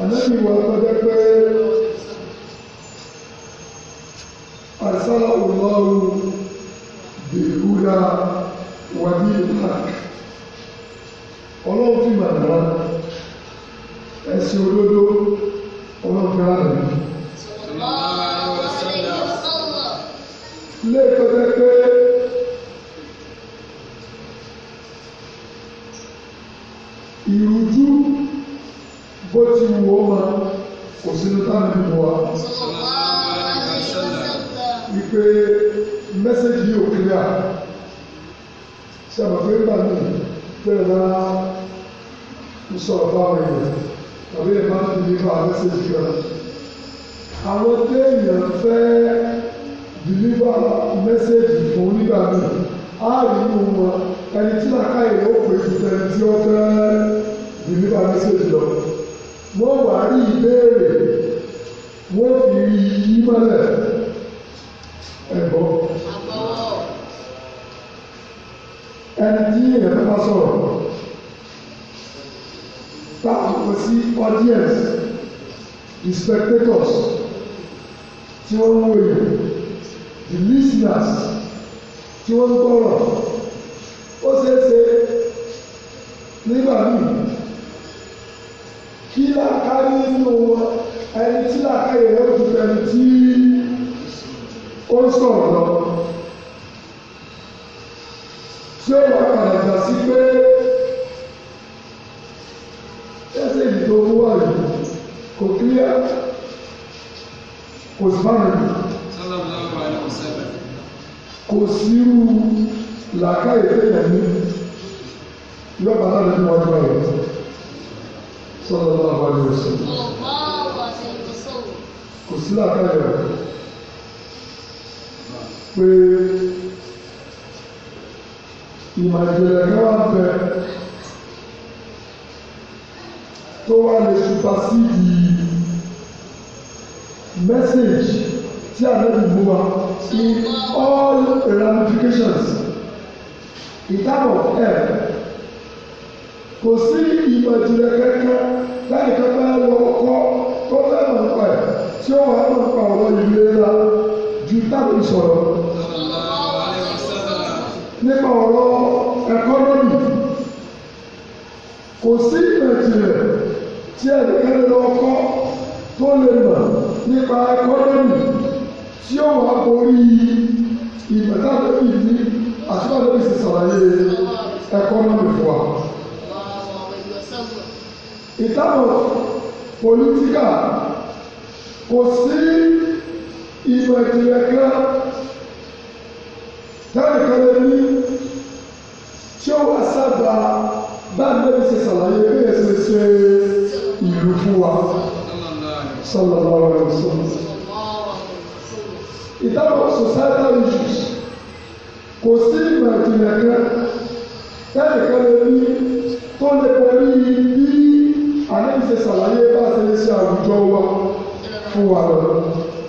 ànábì wa kọjá pé àṣàlá òlọ́rù bèèrúdà wà ní ìpàk ọlọ́run fi màdá ẹ̀sìn olódó ọlọ́run fi rárẹ̀ mi. lẹ́ẹ̀kọ́ pé ti wò ó ma kò sínú táwọn ìbò wa. Ìpè mẹ́sẹ̀gì yìí ò kílíà. Ṣé àbàfẹ́ gbà mí bẹ́ẹ̀ náà ń sọ̀rọ̀ báwọn èèyàn tàbí ẹ̀ máa ń fi nípa mẹ́sẹ̀gì kan. Àwọn téèyàn fẹ́ deliver mẹ́sẹ̀gì fún nígbà míì á rí inú wọn ẹni tí làákàyè ó pè fún ẹni tí ó fẹ́ deliver mẹ́sẹ̀gì lọ wọ́n wà rí ìbéèrè wọ́n fi rí yí mọ́lẹ̀ ẹ̀bọ́. ẹni tí èèyàn bá sọ̀rọ̀ bá àwọn sí audience the spectators tí wọ́n ń wòye the listeners tí wọ́n gbọ́rọ̀ ó ṣeé ṣe nígbà míì. Kila kari nínú wọn ẹni tí làákàyè rẹ̀ ó ju ẹni tí ó sọ̀rọ̀ lọ. ṣé wàá kàlẹ̀ jà sí pé ẹsẹ̀ ìdókòwò wà yìí kò kílíà kò sí bá mi. kò sí irú làákàyè tó yẹ ní yọ̀bá náà nínú ọjọ́ rẹ̀ sọ́dọ̀ náà wà ní oṣù. kò sí làkàyè rẹ̀ pé ìmọ̀ ìjìnlẹ̀ kan wà bẹ̀ tó wà lè supersede message tí a lè mú wa in all ramifications in terms of kò sí ìmọ̀ ìjìnlẹ̀ kankan láì kankan lọ ọkọ tó fẹ́ mọ̀ nípa ẹ̀ tí ó wàá mọ̀ nípa ọ̀rọ̀ ìlera ju táwọn ìsọ̀rọ̀ nípa ọ̀rọ̀ ẹ̀kọ́nọ́mì kò sí ìmọ̀ ìjìnlẹ̀ tí ẹnìkan lọ ọkọ tó lè mọ̀ nípa ẹ̀kọ́nọ́mì tí ó wàá borí ìmọ̀ táwọn ìlú àti báwọn ẹ̀kọ́nọ́mì fún wa without political kò sí ìmọ̀ ìjìnlẹ̀ kan lẹ́nìkan lè ní tí ó wà sábà bá lẹ́yìn ṣe ṣàlàyé bí ẹ̀sìn ṣe ìlú fún wa sọ̀rọ̀ lọ́wọ́ rẹ̀ sọ̀rọ̀. ìdáhùn societal issues kò sí ìmọ̀ ìjìnlẹ̀ kan lẹ́nìkan lè ní tó lè parí bí àlẹ́bí ṣe ṣàlàyé bá a ṣe lè ṣe àwùjọ wa fún wa lọ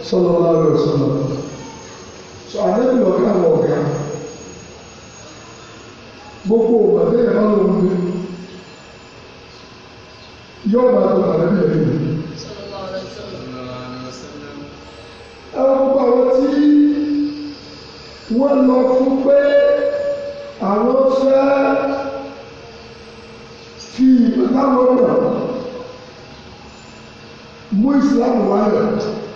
sọ́nà ọlọ́run ọ̀sọ́nà sọ àlẹ́bí lọ́gá àwọn ọ̀gá gbogbo ògbàdé ẹ̀ bá lòun gbé yóò máa tó àlẹ́bí ẹ̀ lè ẹ̀rọ àwọn tí wọ́n lọ fún pé àwọn fẹ́ fi ìpínlẹ̀ àwọn Muslim islam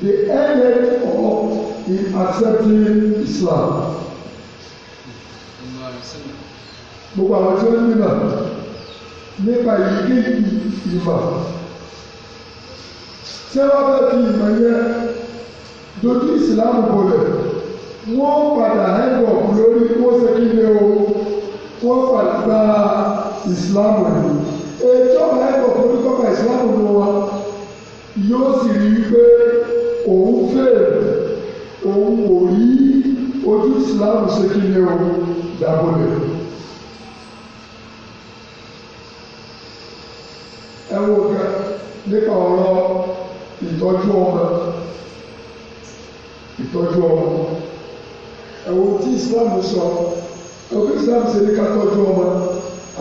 the end of in accepting islam gbogbo àwọn tí wọ́n ń bímọ nípa ìdí ìmọ̀ tí wọ́n bá fi ìmọ̀ yẹn dojú ìsìlámù bolẹ̀ wọ́n padà hẹ́gbọ̀ lórí wọ́n ṣe kí ni o wọ́n padà gba ìsìlámù yìí ètò ọ̀rẹ́ kọ̀ọ̀kan ní kọ́kọ́ ìsìlámù nù wa yóò sì rí i pé òun fèrè òun ò rí ojú ìsìlámù ṣe kí ni o dábòlè. ẹ wo kan nípa ọ̀rọ̀ ìtọ́jú ọmọ ìtọ́jú ọmọ ẹ̀wọ̀n tí ìsìlámù sọ ẹ̀wọ̀n tí ìsìlámù ṣe ní ká tọ́jú ọmọ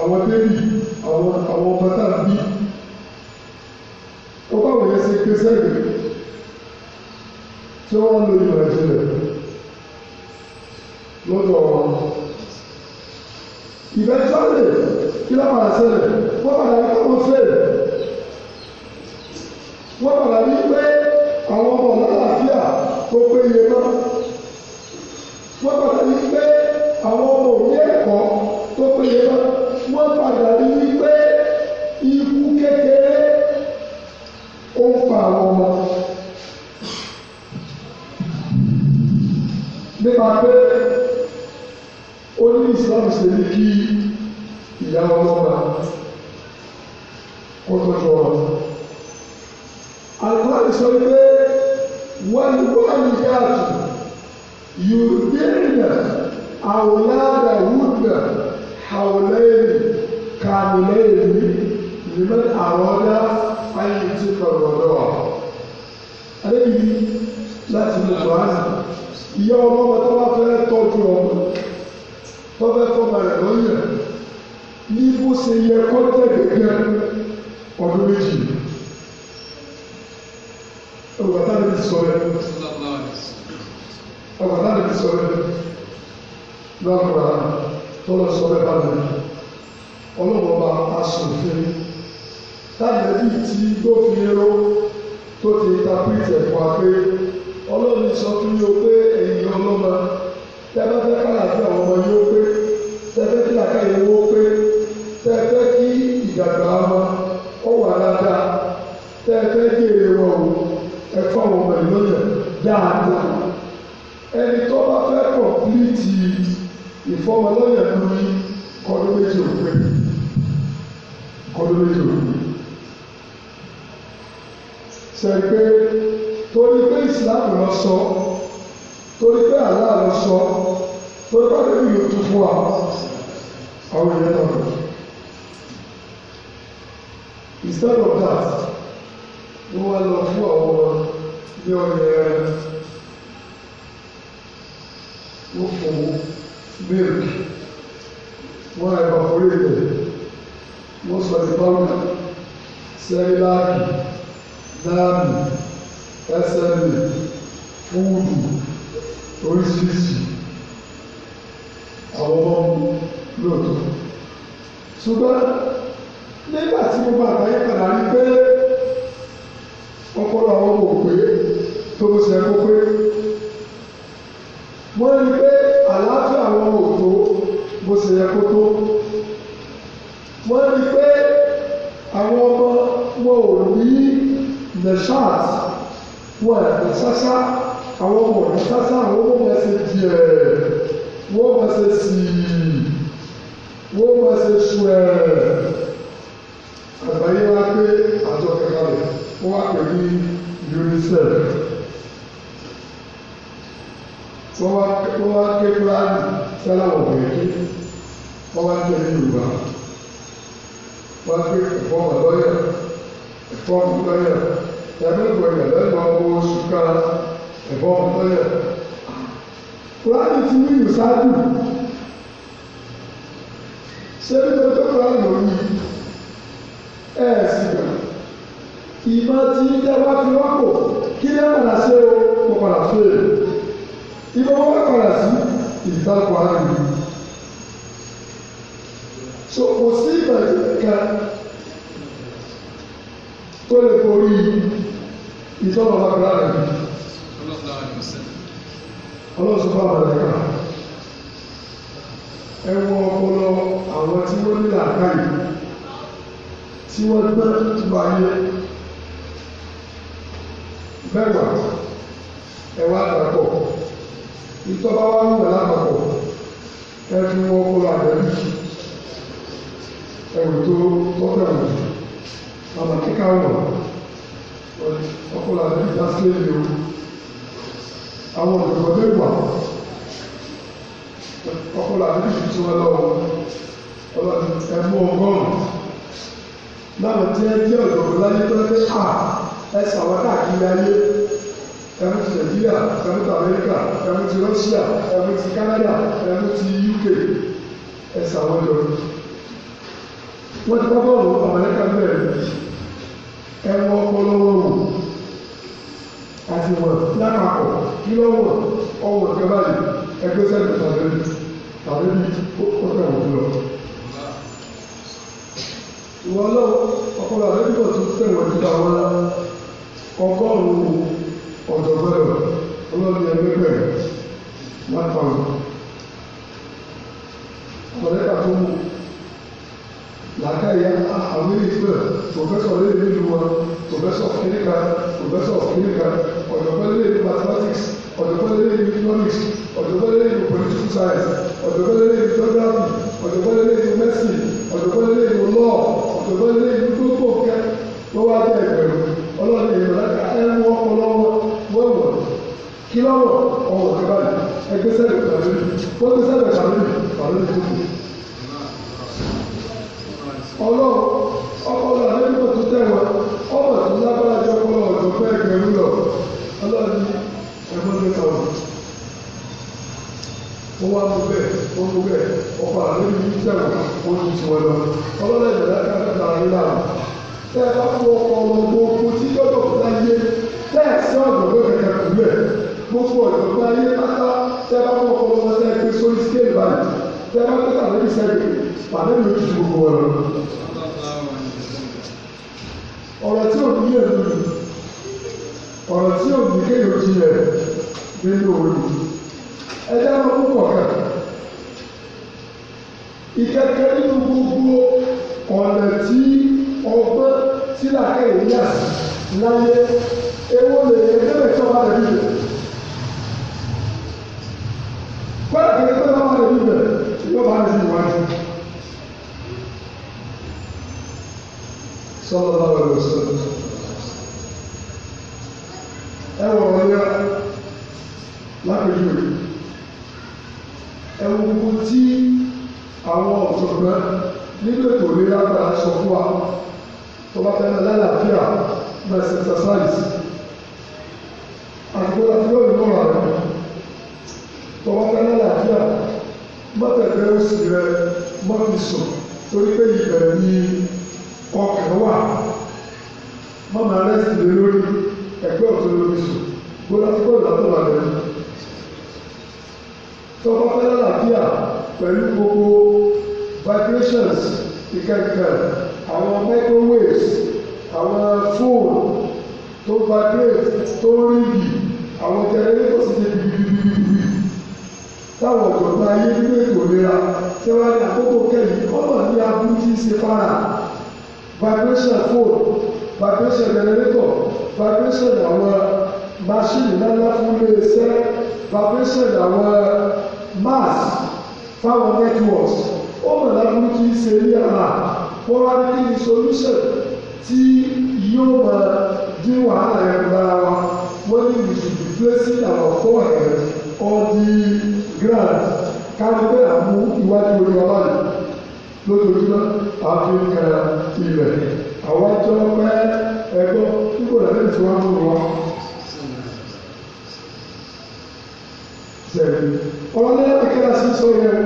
àwọn bébì àwọn àwọn ọmọ tá a bí ó báwo yẹn ṣe gbé sẹ́yìn tí wọ́n lo ìmọ̀ ìjìnlẹ̀ lọ́dọ̀ wọn. Eventually kí ló máa ṣẹlẹ̀ wọ́n padà rí káwọn fẹ́ẹ̀ wọ́n padà rí pé àwọn ọmọ lálàáfíà tó péye náà wọ́n padà rí pé àwọn ọmọ òní ẹ̀kọ́ tó péye náà wọ́n padà rí nípa àwọn ọmọ. nípa pé ó ní islam ṣe ní kí ìyá ọlọ́gbà kó tọ́jú ọmọ. àlùfáàlì sọ pé wọ́n ní wọ́n ní káàtó yóò àwòlá àdàwùdà àwòlá èrè kàmìlẹ́ èrè even our others find it from God door. Adébíyí láti ní Buhari, ìyá ọmọ ọmọ tó bá fẹ́ tọ́jú ọmọ tó fẹ́ fọmọ rẹ̀ lọ́yẹ̀ ní bó ṣe yẹ kó tẹ̀lé gẹ́ ọdún méjì. Ọgbàtà lè sọ ẹ. Ọgbàtà lè sọ ẹ. Lọ́kùnrin tọ́lọ̀ sọ ẹ bá lẹ̀. Ọlọ́run ọba aṣòfin tábìlì tí tó fi tó ti tapíìtì ẹ̀fọ́ àgbé ọlọ́run sọ fún yóò pé èyí ọlọ́mọ tẹ́lẹ̀ fẹ́ àwọn ọmọ yóò pé tẹ́lẹ̀ fẹ́ làkàyè owó pé tẹ́lẹ̀ kí ìdàgbà ọmọ ó wà dáadáa tẹ́lẹ̀ kí èrè wọn o ẹ̀fọ́ àwọn ọmọ ìlú yẹn dáadáa ẹni tó bá fẹ́ kọ̀m̀pìlìtì ìfọwọ́lọ́yẹ̀ lórí kọ́dún méjì òpin kọ́dún ṣe pé torí pé Islam lọ sọ torí pé àlá lọ sọ torí pé àdébí yóò tún fún wa ọ̀rọ̀ yẹn lọ rẹ̀. instead of that wọ́n wá lọ fún àwọn ní ọ̀rẹ́ rẹ̀ wọ́n fún mílíkì wọ́n ẹ̀bà orí rẹ̀ wọ́n sọ ìbámu sẹ́yìn láàkì láàmì ẹsẹ̀ rẹ̀ fúùdù oríṣiríṣi àwọn ọmọ lóòótọ́ ṣùgbọ́n nígbà tí mo bá àgbáyé padà rí pé ọpọlọ àwọn ọmọ òpè tó ń ṣe kó pé wọ́n rí pé àlàáfíà àwọn ọmọ òtó bó ṣe yẹ kó tó wọ́n rí pé àwọn ọmọ wọn ò ní nẹ̀ṣáàt wọ ẹ̀dẹ̀ ṣáṣá àwọn ọmọ ẹ̀dẹ̀ ṣáṣá àwọn ọmọ ẹ̀sẹ̀ díẹ̀ wọ́n ẹ̀sẹ̀ sì wọ́n ẹ̀sẹ̀ sù ẹ̀ àgbáyé wa pé àjọ kẹta rẹ̀ wọ́n wá pè ní UNICEF wọ́n wá ké kúláàdì sẹ́lá ọ̀gbìn wọ́n wá ké ní Yorùbá wọ́n wá ké ẹ̀fọ́ ọ̀gbà ẹ̀fọ́ ńlọ́yẹ̀ ẹ̀mẹ́gbọ̀ ìyàlẹ́gbọ̀ owó ṣúkà ẹ̀fọ́ ńlọ́yẹ̀. Kùránì ti ní ìsáájú. Ṣé nítorí tó kọ́ àlọ́ yìí ẹ̀ sì gbà? Ìmọ̀ tí ìjọba fi wọ́pọ̀ kí lè padà ṣe o, mo padà ṣe é. Ìmọ̀ wọ́n padà sí ìdíkàkọ̀ àlọ́ yìí. So kò sí ìgbà kan tó lè forí ìtọ́nà lágbára rẹ̀. ọlọ́sùn bá wà lẹ́ka ẹ wọ ọpọlọ àwọn tí wọ́n ní làákàyè tí wọ́n gbẹ́ ìgbà ayé mẹ́wàá ẹ wá dàpọ̀ ìtọ́ba wá ń wẹ̀ lápapọ̀ ẹ fi wọ́n kó lọ àbẹ̀rẹ̀ ẹ̀rù tó tọ́kẹ̀rù bàbá kíkà wọ̀ ọkùnrin àti ìjà sílé mi o àwọn olùkọ́ lè wà ọkùnrin àti ìjì tí wọ́n lọ́wọ́ ọlọ́dún ẹ̀mú ọgọ́rùn-ún láwọn tí ẹ jẹ́ ọ̀dọ́ láyé tó lé à ẹ sàwọn káàkiri ayé ẹmu ti Nàìjíríà ẹmu ti Amẹ́ríkà ẹmu ti Rọ́ṣíà ẹmu ti Kánádà ẹmu ti UK ẹ sàwọn ọ̀dọ́ yìí wọ́n ti kọ́kọ́ wò ọmọ ẹ̀ka bẹ̀rẹ̀ ẹ wọ ọpọlọwọ wò àti wọ̀ lápapọ̀ kí ló wọ̀ ọwọ́ ìjọba yìí ẹgbẹ́ sẹ́yìn tàbí tàbí ó kẹ́ wọ́n lọ. ìwọ lọ ọpọlọ àdébíkọ̀ tún tẹ̀wọ̀n ju àwọn ọgọ́rùn-ún ọ̀dọ́gbẹ́rẹ̀ ọlọ́ọ̀ni ẹgbẹ́gbẹ̀rẹ̀ one thousand. ọ̀rẹ́ta tó mú làákàyè ah, àwọn méjì bẹ̀rẹ̀ professor lè nílùú wọn professor of clinical professor of clinical ọ̀dọ̀gbọ́n mathematics ọ̀dọ̀gbọ́n lè ní economics ọ̀dọ̀gbọ́n lè ní political science ọ̀dọ̀gbọ́n lè ní geography ọ̀dọ̀gbọ́n lè ní medicine ọ̀dọ̀gbọ́n lè ní law ọ̀dọ̀gbọ́n lè ọlọ́lẹ̀ ìjọba kàkàtà àríyá tẹ́ ẹ bá fọ ọmọ gbogbo tí gbọ́dọ̀ fún ayé tẹ́ ẹ sí ọ̀dọ̀gbọ́ kẹ̀kẹ́ kù lẹ̀ gbogbo ọ̀dọ̀gbọ́ ayé pátá tẹ́ ẹ bá fọ ọmọ ọmọ tẹ́ ẹ pé sórí scale báyìí tẹ́ ẹ bá pẹ́ tàbí sẹ́yìn pàdé mi ti gbogbo ọ̀rọ̀ ọ̀rọ̀ tí ò ní yẹ̀ lórí ọ̀rọ̀ tí ò ní kéèyàn jiyàn nínú òwe ẹ̀dá ló púpọ̀ kan ìkẹ́kẹ́ nínú èèyàn láyé ewu lè ẹgbẹ́ tó bá lè dìbò. Kọ́lá kìí tó bá lè dìbò yóò bá lè dìbò wájú. Sọ́lá bá wà lọ́sọ̀. Ẹ wọ̀ wọ́n yá lápẹ̀jù. Ẹ wo gbogbo tí àwọn ọ̀jọ̀gbọ́n nínú ètò ìlera gbà sọ fún wa tó bá fẹ́ máa lálàáfíà máa ṣe exercise àti bóyá tí ó lè mọ̀ra rẹ̀ tó bá fẹ́ lálàáfíà má tẹ̀lé òsì rẹ̀ má fi sùn torí pé ìbẹ̀rẹ̀ ni ọkàn wà má máa rẹ́sì lé lórí ẹgbẹ́ ọ̀tún lórí sùn bóyá tí ó lè látọ̀ wà lẹ́nu tó bá fẹ́ lálàáfíà pẹ̀lú gbogbo ìkẹ̀kẹ̀ àwọn microwaves àwọn fóònù tó vibrate tó ríyì àwọn generators ti di bìbìbìbì táwọn ọ̀jọ̀gbọ́n ayé nínú ètò ìlera tí wọ́n ní àkókò kẹ́yìn ọmọ ní abúlé ṣe fara vibration phone vibration generator vibration àwọn machine lálá fún iléeṣẹ́ vibration àwọn mass fáwọn networks ó mọ̀ lábúrú tí ń ṣe ní àmà wọ́n wá ní kí ni solution tí yóò máa dín wàhálà yẹn lára wa wọ́n ní we should be placing our forehead on the ground káwọn pé àmú iwájú orí wa báyìí lójoojúmọ́ àfi ń ka ilẹ̀ àwọn tó pẹ́ ẹgbọ́n nígbò lẹ́yìn tí wọ́n mú wa. ọlọ́lẹ́ akẹ́lá sí sọ yẹn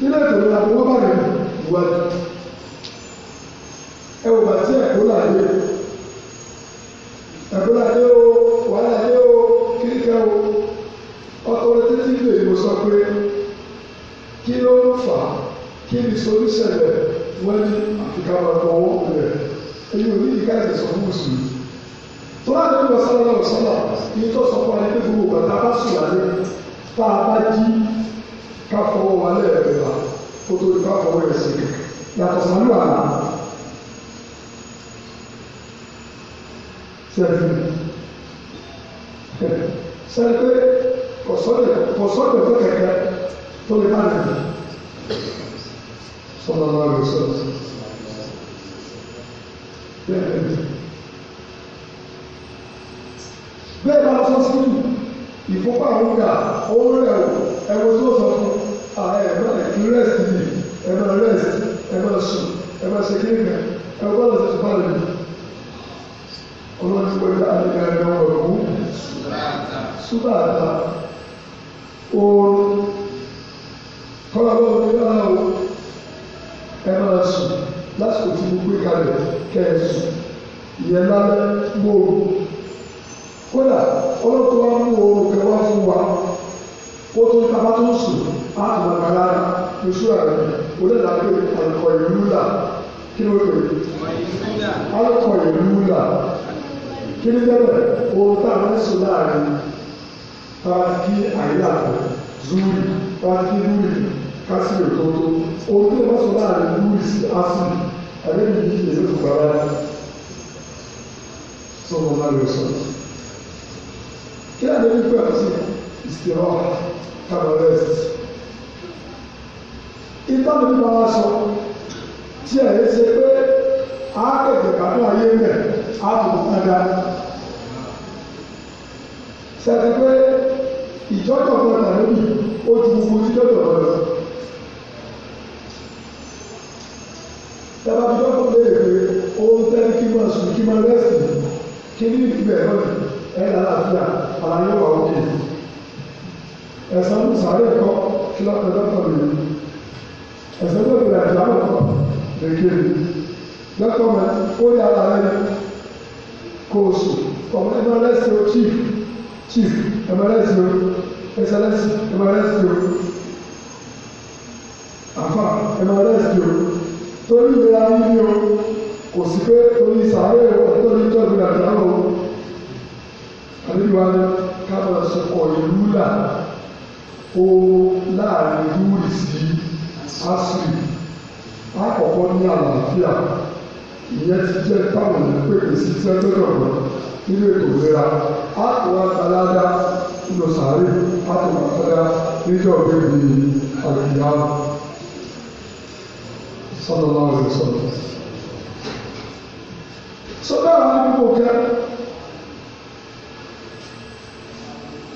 nínú ètò ìlànà owó bàrẹ̀ ìwádìí ẹ wò bàtí ẹ̀kọ́ làdé ẹ̀kọ́ làdé o wàhálà dé o kíríkẹ́ o ọkùnrin títí gbè mo sọ pé kí ló ń fà á kí ni solution rẹ̀ wọ́n ní àfikà wà lọ́wọ́ rẹ̀ èyí ò ní ìka ẹ̀sẹ̀ sọ fún mùsùlùmí tó wà lórí ọ̀sán lọ́wọ́ sọ́nà ìyẹn tó sọ fún wa ní pé gbogbo bàtà bá sùn a bá jí káfọwọ́ wa lẹ́ẹ̀mẹ́ta kó tó di káfọwọ́ ẹ̀sìn yàtọ̀ sàánú àná sẹ́ẹ̀dì sẹ́ẹ̀dì kọ̀sọ́dẹ̀ tó kẹ̀kẹ́ tó lè má lè sọ́dọ̀ máa lè sọ́dọ̀ bẹ́ẹ̀ bẹ́ẹ̀ bá lọ sọ́sídìí ìfúnpá àwọn gbà òun rẹ̀ wò ẹ̀wọ̀n tó sọ fún ààrẹ ẹ̀mọ́ ẹ̀kí rẹ́sì yìí ẹ̀mọ́ rẹ́sì ẹ̀mọ́ sùn ẹ̀mọ́ ṣe kí nìkan ẹ̀wọ́n lọ sí ìfúnpá rẹ̀ ọlọ́run ti wọlé àdìgbà ẹ̀rọ ọ̀rọ̀ súbà àtà oorun kọ́lá lọ́wọ́ ní ọ̀la o ẹ̀mọ́ sùn lásìkò tí mo gbé kalẹ̀ kẹ́ẹ̀ ìyẹn lálẹ́ gbòòrò kódà ọlọ́tọ́ wa mú oorun kẹ wá fún wa ó tún tábà tó ń sùn á àwọn kan lára oṣù ààrẹ onídàá pé àlùkò ìlú là kí ló pè é àlùkò ìlú là kí ló bẹ̀rẹ̀ ohun tá a máa ń sùn láàrin tá a fi àyílà zúrì tá a fi lúrì kásìlè tó tó ohun tó bá sọ láàrin lúrì sí ásìlì àbẹ́bí yìí lè tó bàbá sọ́kọ̀ọ́ bá lè sọ̀rọ̀ kí ló dé pé ọ̀sẹ̀ ìsìtìrọ̀ kàbọ̀rẹ́sì ìtọ́ ní bá wa sọ tí ẹ̀ ẹ́ ṣe pé a kẹ̀kẹ́ kàdó ayé rẹ̀ á tó fún ẹ̀dá sẹ́ni pé ìjọ́jọ́ kan tàbí ó ju gbogbo jíjọ́jọ́ kan lọ. tẹ́lá bí wọ́n lè pe ohun tẹ́lẹ̀ kí máa sùn kí máa rẹ́sì àlàyé wà òkè ẹ̀sán ní sàárè kọ́ kí lọ́pẹ́ lọ́pọ̀ mi ẹ̀sán ní òkè àjọ àwòkọ́ lèkè o sùn ọmọ ẹgbẹ́ lẹ́sìn o chief chief ẹgbẹ́ lẹ́sìn o ẹsẹ̀ lẹ́sìn ẹgbẹ́ lẹ́sìn o àfà ẹgbẹ́ lẹ́sìn o o kò sí pé torí sàárè o àti torí ìjọba àbíwá kábọ̀ sọ̀kọ̀ ìlú là ó láàrin rúurì sí asiri àkọ́kọ́ ní àlàáfíà ìyẹn ti jẹ́ táwọn èèyàn pèpè sí sẹ́ńtẹ́dọ̀gbọ̀n nínú ètò ìlera àtúwà tàládá nínú sàárè àtúwà tàládá níjọ́ ìgbébi àgbìyá sọ́dọ̀ láwọn ìsọ̀rọ̀. sọ́dọ̀ àwọn àdúgbò kẹ́ẹ́.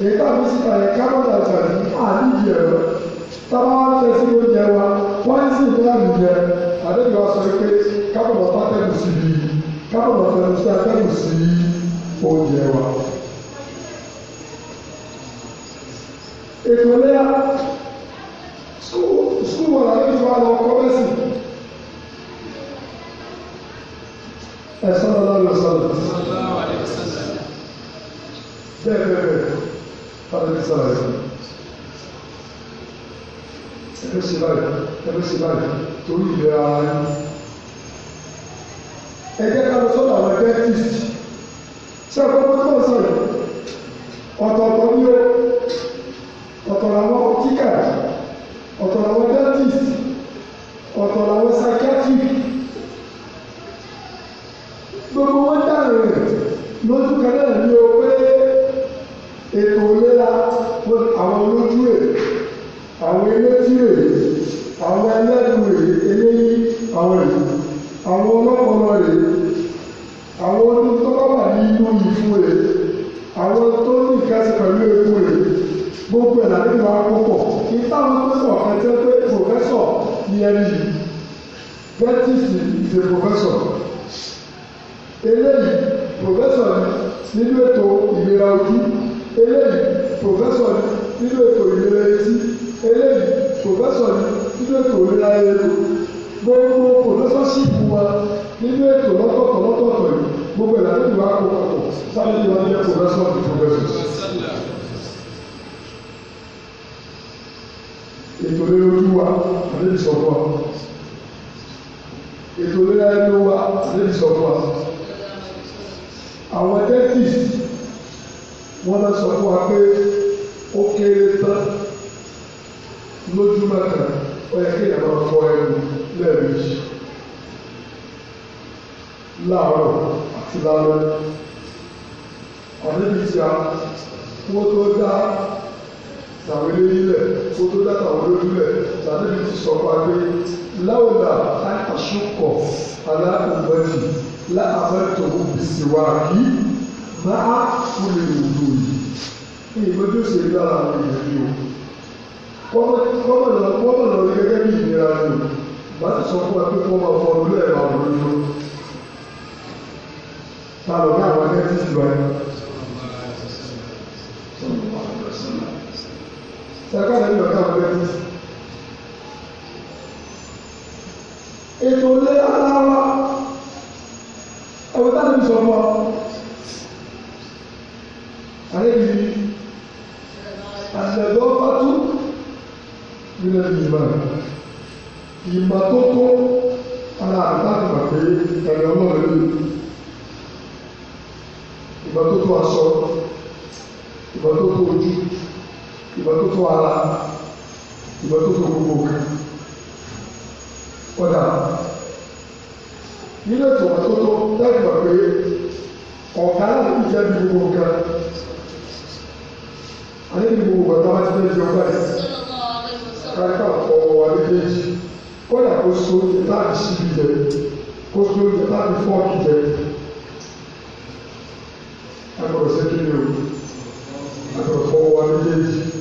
èyí tá a fi síta yẹn carbon dioxide yìí à nídìí ẹ̀rọ tábà wá fẹ́ sí oúnjẹ wa poison tó wà nìyẹ àdébí wa sọ pé carbon ọ̀tá tẹ̀lé sí i carbon ọ̀tá tẹ̀lé sí oúnjẹ wa. ètò ìlera sukuu wọn àti àwọn ọkọ bẹ́ẹ̀ sì. ẹ sọ́dọ̀ lọ́wọ́ sọ́dọ̀. bẹ́ẹ̀ bẹ́ẹ̀ Fala nessa hora. Ẹgbẹ́ sí báyìí, ẹgbẹ́ sí báyìí, torí ìlera ara yín. Ẹ jẹ́ ká lọ sọ́dọ̀ àwọn ẹgbẹ́ fíìsì. Ṣé ẹ gbọ́dọ̀ tó ń sọ̀rọ̀? Ọ̀tọ̀ọ̀tọ̀ ni ó. Ọ̀tọ̀ làwọn kíkà. Ọ̀tọ̀ làwọn dentist. Ọ̀tọ̀ làwọn psychiatric. Gbogbo wọn dáhùn rẹ̀. proximidade civil, proximidade forte dele. Agora você que viu, agora foi o ano de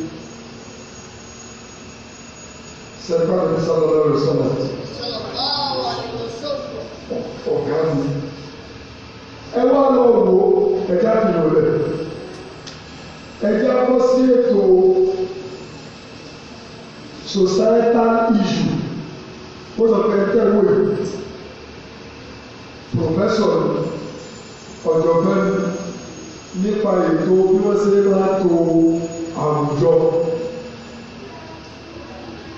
Você pode pensar na oração Ọ̀gáàmì. Ẹ wá lọ wo ẹja é rẹ̀. Ẹja bọ́ sí ètò societal tẹ́ wò yìí pòfẹ́sọ̀ ọ̀jọ̀gbọ́n nípa ètò bí wọ́n ṣe máa to àwùjọ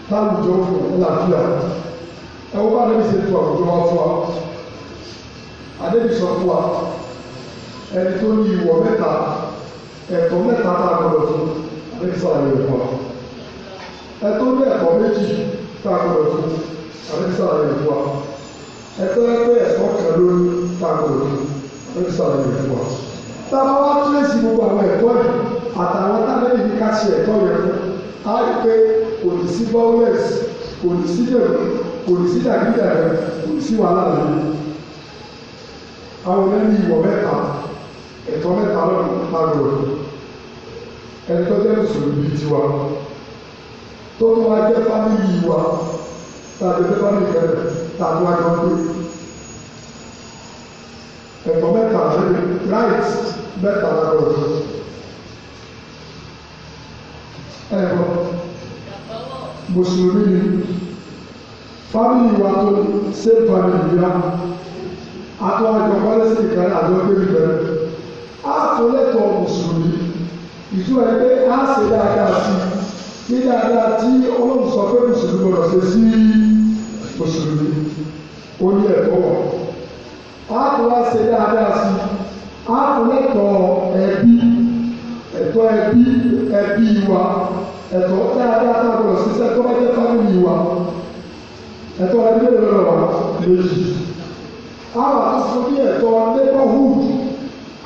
láwùjọ fún ọ̀làfíà ẹ wọ́n bá lè ṣe to àwùjọ wa fún wa adébísọ̀ fún wa ẹni tó ní ìwọ̀ mẹ́ta ẹ̀tọ́ mẹ́ta tá a gbọdọ̀ fún adébísọ̀ àyẹ̀wò fún wa ẹ̀tọ́ ní ẹ̀kọ́ méjì tá a gbọdọ̀ fún a tá àbísà rẹ̀ fún wa ẹ̀tọ́ ẹgbẹ́ ẹ̀kọ́ kan ló ń takò ní àbísà rẹ̀ fún wa. táwọn wá tírèsì gbogbo àwọn ẹ̀kọ́ yìí àtàwọn tábìlì ní ká ṣe ẹ̀kọ́ yẹn fún a rí pé kò ní sí bọ́ọ̀lẹ́sì kò ní sí dẹ̀rù kò ní sí dàgídàgẹ̀ kò ní sí wàhálà lẹ́nu. àwọn ẹni ìwọ̀ mẹ́ta ẹ̀tọ́ mẹ́ta lọ́dún pàdé òní ẹ̀tọ́ jẹ́ mùsùlùmí tiwa tó tún wá jẹ́ fámìlì wa tàbí tó bá mi bẹ̀rẹ̀ tàbí wá jọ pé ẹ̀kọ́ mẹ́ta lórí right mẹ́ta lábẹ́ òjò ẹ̀kọ́ mùsùlùmí ni fámìlì wa tó ṣe fámìlì wa àtọ́ àjọ pálẹ́sì kan àjọ pé mi bẹ̀rẹ̀ àtọ́lẹ́tọ̀ mùsùlùmí ìtura ẹgbẹ́ á ṣe dáadáa sí i ní dáadáa tí ọlọ́run sọ pé mùsùlùmí gbọdọ̀ ṣe sí i mùsùlùmí ó ní ẹ̀kọ́ wà. a kò wá ṣe dáadáa sí i a kò lẹ́tọ̀ọ́ ẹbí ẹ̀tọ́ ẹbí ẹbí wa ẹ̀tọ́ dáadáa tá a bọ̀ sí sẹ́tọ́ bá jẹ́ fámìlì wa ẹ̀tọ́ ẹbí lọ́rọ̀ wa méjì. a wà á sọ bí ẹ̀tọ́ neighborhood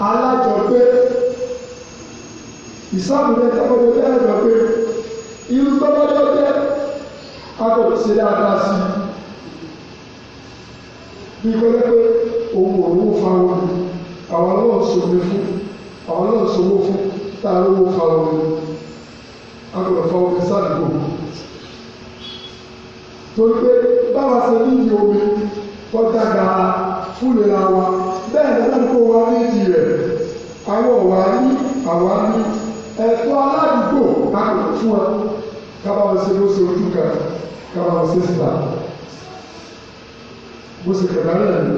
alájọgbé ìsáàmùlẹ̀ tọ́kọ̀tọ̀ tẹ́ àjọgbé irú tọ́kọ̀tọ̀ tẹ́ a kò ṣe dáadáa sí i bí kọ́lẹ́ pé òun ò rówó fa wọn ni àwọn náà sòmi fún àwọn náà sòwò fún tá a rówó fa wọn ni a gbọ́dọ̀ fa omi sádùúgbò torí pé báwa ṣe nídìí omi wọ́n dàgbà fúnlera wa bẹ́ẹ̀ ni sádùúgbò wa nídìí rẹ̀ àwọn ọ̀wá ní àwa ní ẹ̀tọ́ aládùúgbò ká kò fún ẹ ká ṣe ló ṣe ojú kan ká ṣe síta bó ṣe kẹ̀kẹ́ náà ni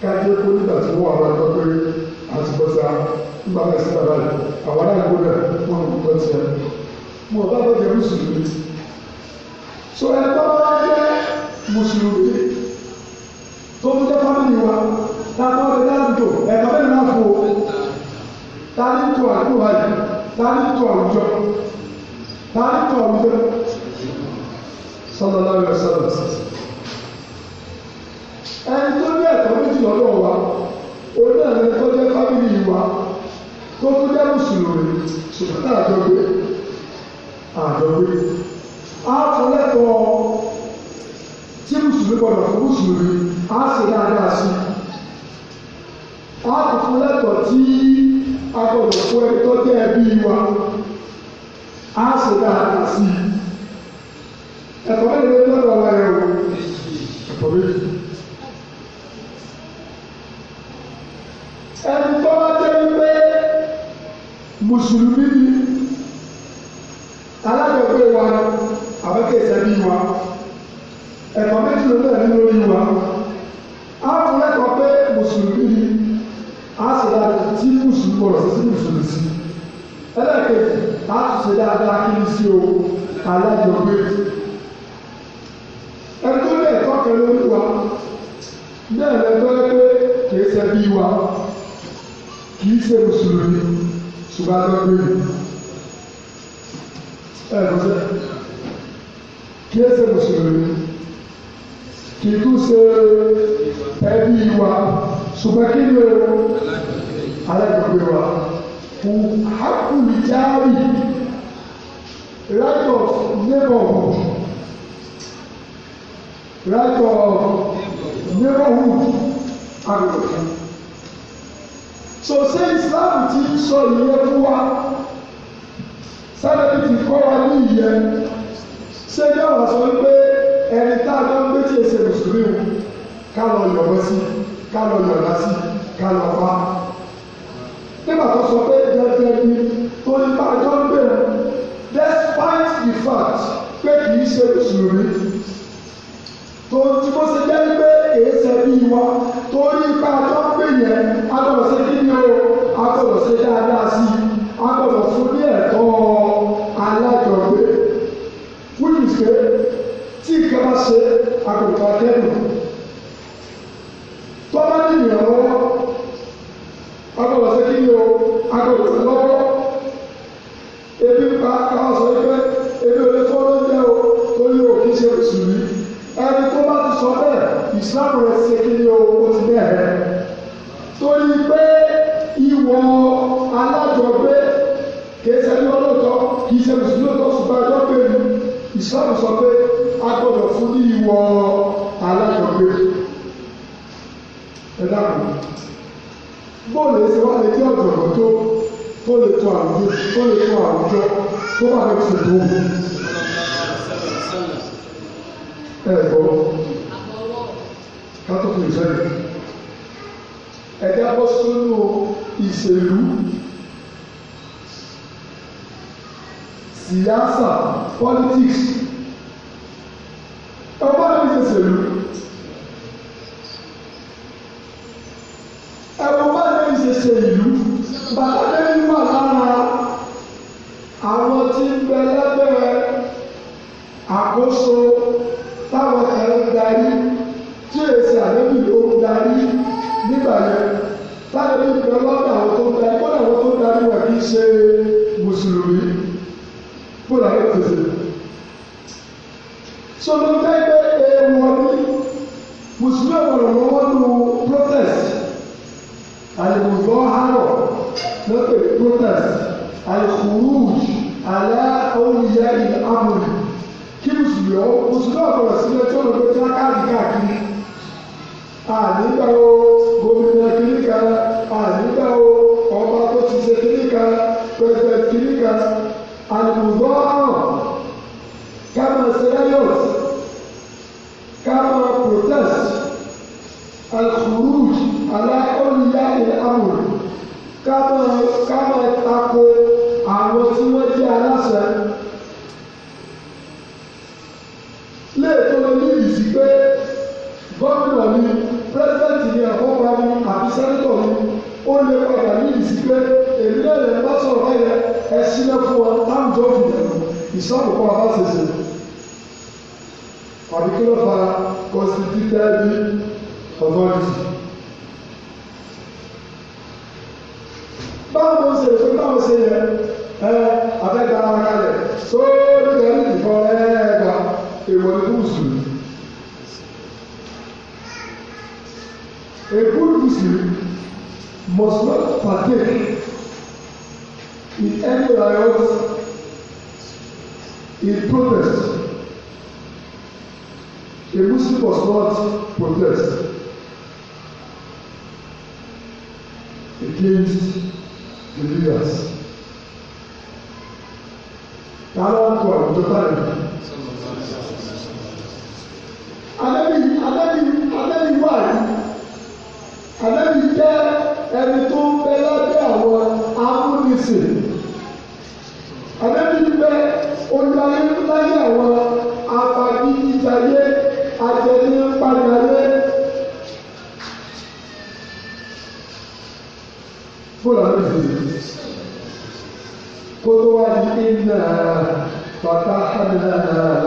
kájé kó nígbà tí wọ́n àwọn ẹ̀kọ́ pé àti bọ́sà nígbà náà sí bàbá rẹ̀ àwọn aláàgbò náà wọ́n ń tọ́ tiẹ̀. mo bá bọ́ jẹ́ mùsùlùmí. so ẹ bá wá jẹ́ mùsùlùmí tó ń jẹ́ fámìlì wa táwọn ọ̀rẹ́ náà ń tò ẹ̀ka bẹ́ẹ̀ náà fò tani tó àdúrà yìí tani tó àwùjọ tani tó àwùjọ sallallahu alaihi wasallam ẹni tó ní ẹ̀tọ́ méjì lọ́dọ̀ wa òun náà ní tó jẹ́ fámìlì wa tó tún jẹ́ mùsùlùmí ṣùgbọ́n àjọgbé àjọgbé àfọlẹ́tọ̀ tí mùsùlùmí gbọdọ̀ fún mùsùlùmí á sì dáadáa sí àfọlẹ́tọ̀ tí a gbọdọ̀ fún ẹni tó jẹ́ ẹbí wa á sì dáadáa sí ẹ̀kọ́ mẹ́rin ló ń lọ́dọ̀ wa ẹ̀rọ ẹ̀kọ́ méjì. ẹni tó bá jẹ́ wípé mùsùlùmí ni alábẹ̀wé wa àbẹ̀kẹ̀sẹ̀ bí wa ẹ̀kọ́ méjì ló bẹ̀rẹ̀ ní lórí wa á fún lẹ́kọ̀ọ́ pé mùsùlùmí ni á sì dáadáa tí mùsùlùmí ọ̀rọ̀ sí sí mùsùlùmí sí ẹlẹ́ẹ̀kejì á sì ṣe dáadáa kí n sí o alájọgbé ẹni tó lè tọ́kẹ́ lórí wa náà lẹ́tọ́ lẹ́pẹ́ kìí ṣe wa kì í ṣe mùsùlùmí ṣùgbọ́n àgbẹ̀ ẹ̀ lọ́sẹ̀ kì í ṣe mùsùlùmí kì í tún ṣe ẹbí wa ṣùgbọ́n kí ni o alágbègbè wa kò hákùnì jáàrì right of neighborhood right of neighborhood agbègbè sòsè ìsìláàmù ti ń sọ ìyẹn fún wa sábẹ́bí ti kọ́ wa ní ìyẹn ṣé ní ọ̀rọ̀ sọ pé ẹni tá a dán méjì ẹsẹ̀ mùsùlùmí o ká lọ yọ̀wọ́ sí ká lọ yọ̀lá sí ká lọ fa nígbà tó sọ pé dandan ni tó ní bá a dán bẹ̀rẹ̀ despite the fact pé kì í ṣe mùsùlùmí tó tí mo ṣe jẹ́ pé èé ṣe bí wa torí ipa tó ń pè yẹn adọ̀sẹ́ gbọ́dọ̀ ṣe dáadáa sí i a gbọ́dọ̀ fún ní ẹ̀tọ́ alájọgbé wíjì pé tí nǹkan bá ṣe àgùntàn akẹ́kọ̀ọ́ tó bá ní ìrànlọ́wọ́ a gbọ́dọ̀ ṣe kí ni o a gbọ́dọ̀ ṣe lọ́wọ́ ebi ń pa káwọn sọ pé ebi ò lè fọ́nrọ́ jẹ́ o torí o kì í ṣe mùsùlùmí ẹni tó bá ti sọ bẹ́ẹ̀ ìsìlámù rẹ̀ ṣe kí ni o ó ti bẹ́ẹ̀ rẹ̀ torí pé wọn alájọgbé kìí ṣe ẹni ọlọ́tọ̀ kìí ṣe mùsùlùmí lọ́tọ̀ ṣùgbọ́n ẹjọ́ pé ìsìlámù sọ pé a gbọ́dọ̀ fún ní ìwọ alájọgbé ẹ dáhùn bóòlù ẹsẹ̀ wà lè jẹ́ ọ̀jọ̀gbọ́n tó tó lè tó àwùjọ tó lè tó àwùjọ tó wà lè tó tó. ẹ bọ́ kátó fún ìsọ̀rọ̀ ẹ̀dá bọ́ sínú ìṣèlú siyasa politics ẹgbẹ́ ní ìṣèlú ẹ̀wọ̀n bá ní ìṣèṣe ìlú bàtà lẹ́yìn wà lára àwọn tí ń bẹ lábẹ́ àkóso táwọn kan ń darí tí èsì àlébì ló ń darí nígbà yẹn láti ní ìpínlẹ̀ lọ́dọ̀ àwọn tó ń darí kó àwọn tó ń darí wà kí í ṣe mùsùlùmí kó làwọn tó so ló ń fẹ́ pé ewu ọdún mùsùlùmí ọ̀rọ̀ ló wọ́n lu protest àlùbọ̀ àrọ̀ lọ́pẹ̀ protest àlùkùrùj àlá oúnjẹ ìlàmùrì kí mùsùlùmí ọ̀rọ̀ mùsùlùmí ọ̀rọ̀ sílẹ̀ tí ọ̀rọ̀ tó ti rákàdì káàkiri ànígbà gómìnà kìnìkan ṣe kiri kan pẹpẹ kiri kan àlùbọ́ àrùn ká máa ṣe riot ká máa protest alkhuruj alákọ̀ọ́lìyá ìlàmù ká máa tako àwọn tí wọ́n jẹ́ aláṣẹ. léètò ní ìsí pé gómìnà mi pírẹsidẹ́ǹtì mi àkọ́kọ́ mi àbí sẹ́ńtọ̀ mi ó lè padà ní ìsí pé èmi náà lè bá sọ̀rọ̀ báyẹn ẹ sílẹ̀ fún wa táǹjọ́ fìdàgbà ìsọ́nù kọ́ ọba ṣèṣe. Àbí kí ló fa constituted authority? Báwo ṣe fún báwo ṣe yẹ ẹ abẹ́gbẹ́ ara kalẹ̀ sóòlù tẹ̀lé ìfọ̀ ẹ̀ẹ́dà èèwọ̀ ní gúúsù. A good Muslim must not partake in any riot, in protest. A Muslim must not protest against the leaders. Tààrà kọ àwùjọ báyìí. Adébí Adébí Adébí wà yìí. Adébí jẹ́ ẹni tó ń bẹ lábẹ́ àwọn amúnisìn wípé olùdarí ń láyé àwọn afagídíjayé ajẹnípadàyé. Bóyá ló ti rí kó tó wá di iná bàtà hànà.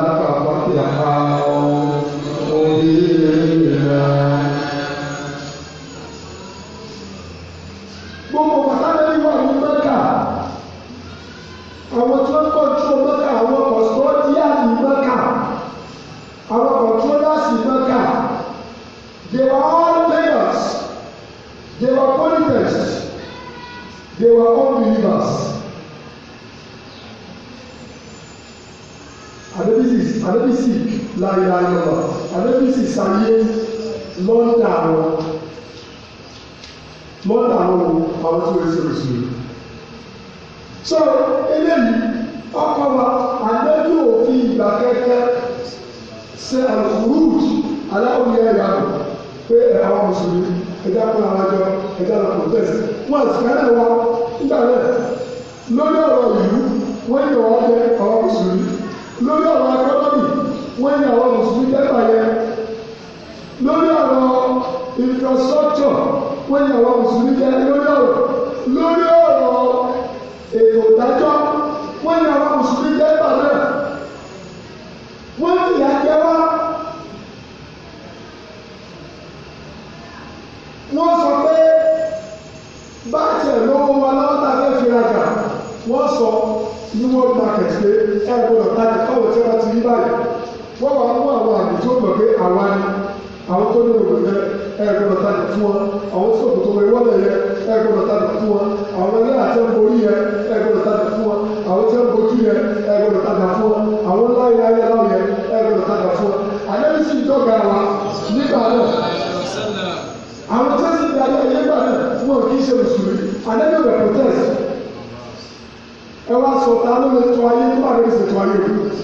sọ ta ló lè tún ayé nígbà tó lè ṣètò ayé òbí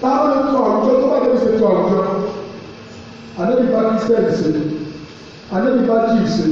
ta ló lè tún àwùjọ tó bá lè ṣètò àwùjọ àdébí bá kristian ṣe àdébí bá jíì ṣe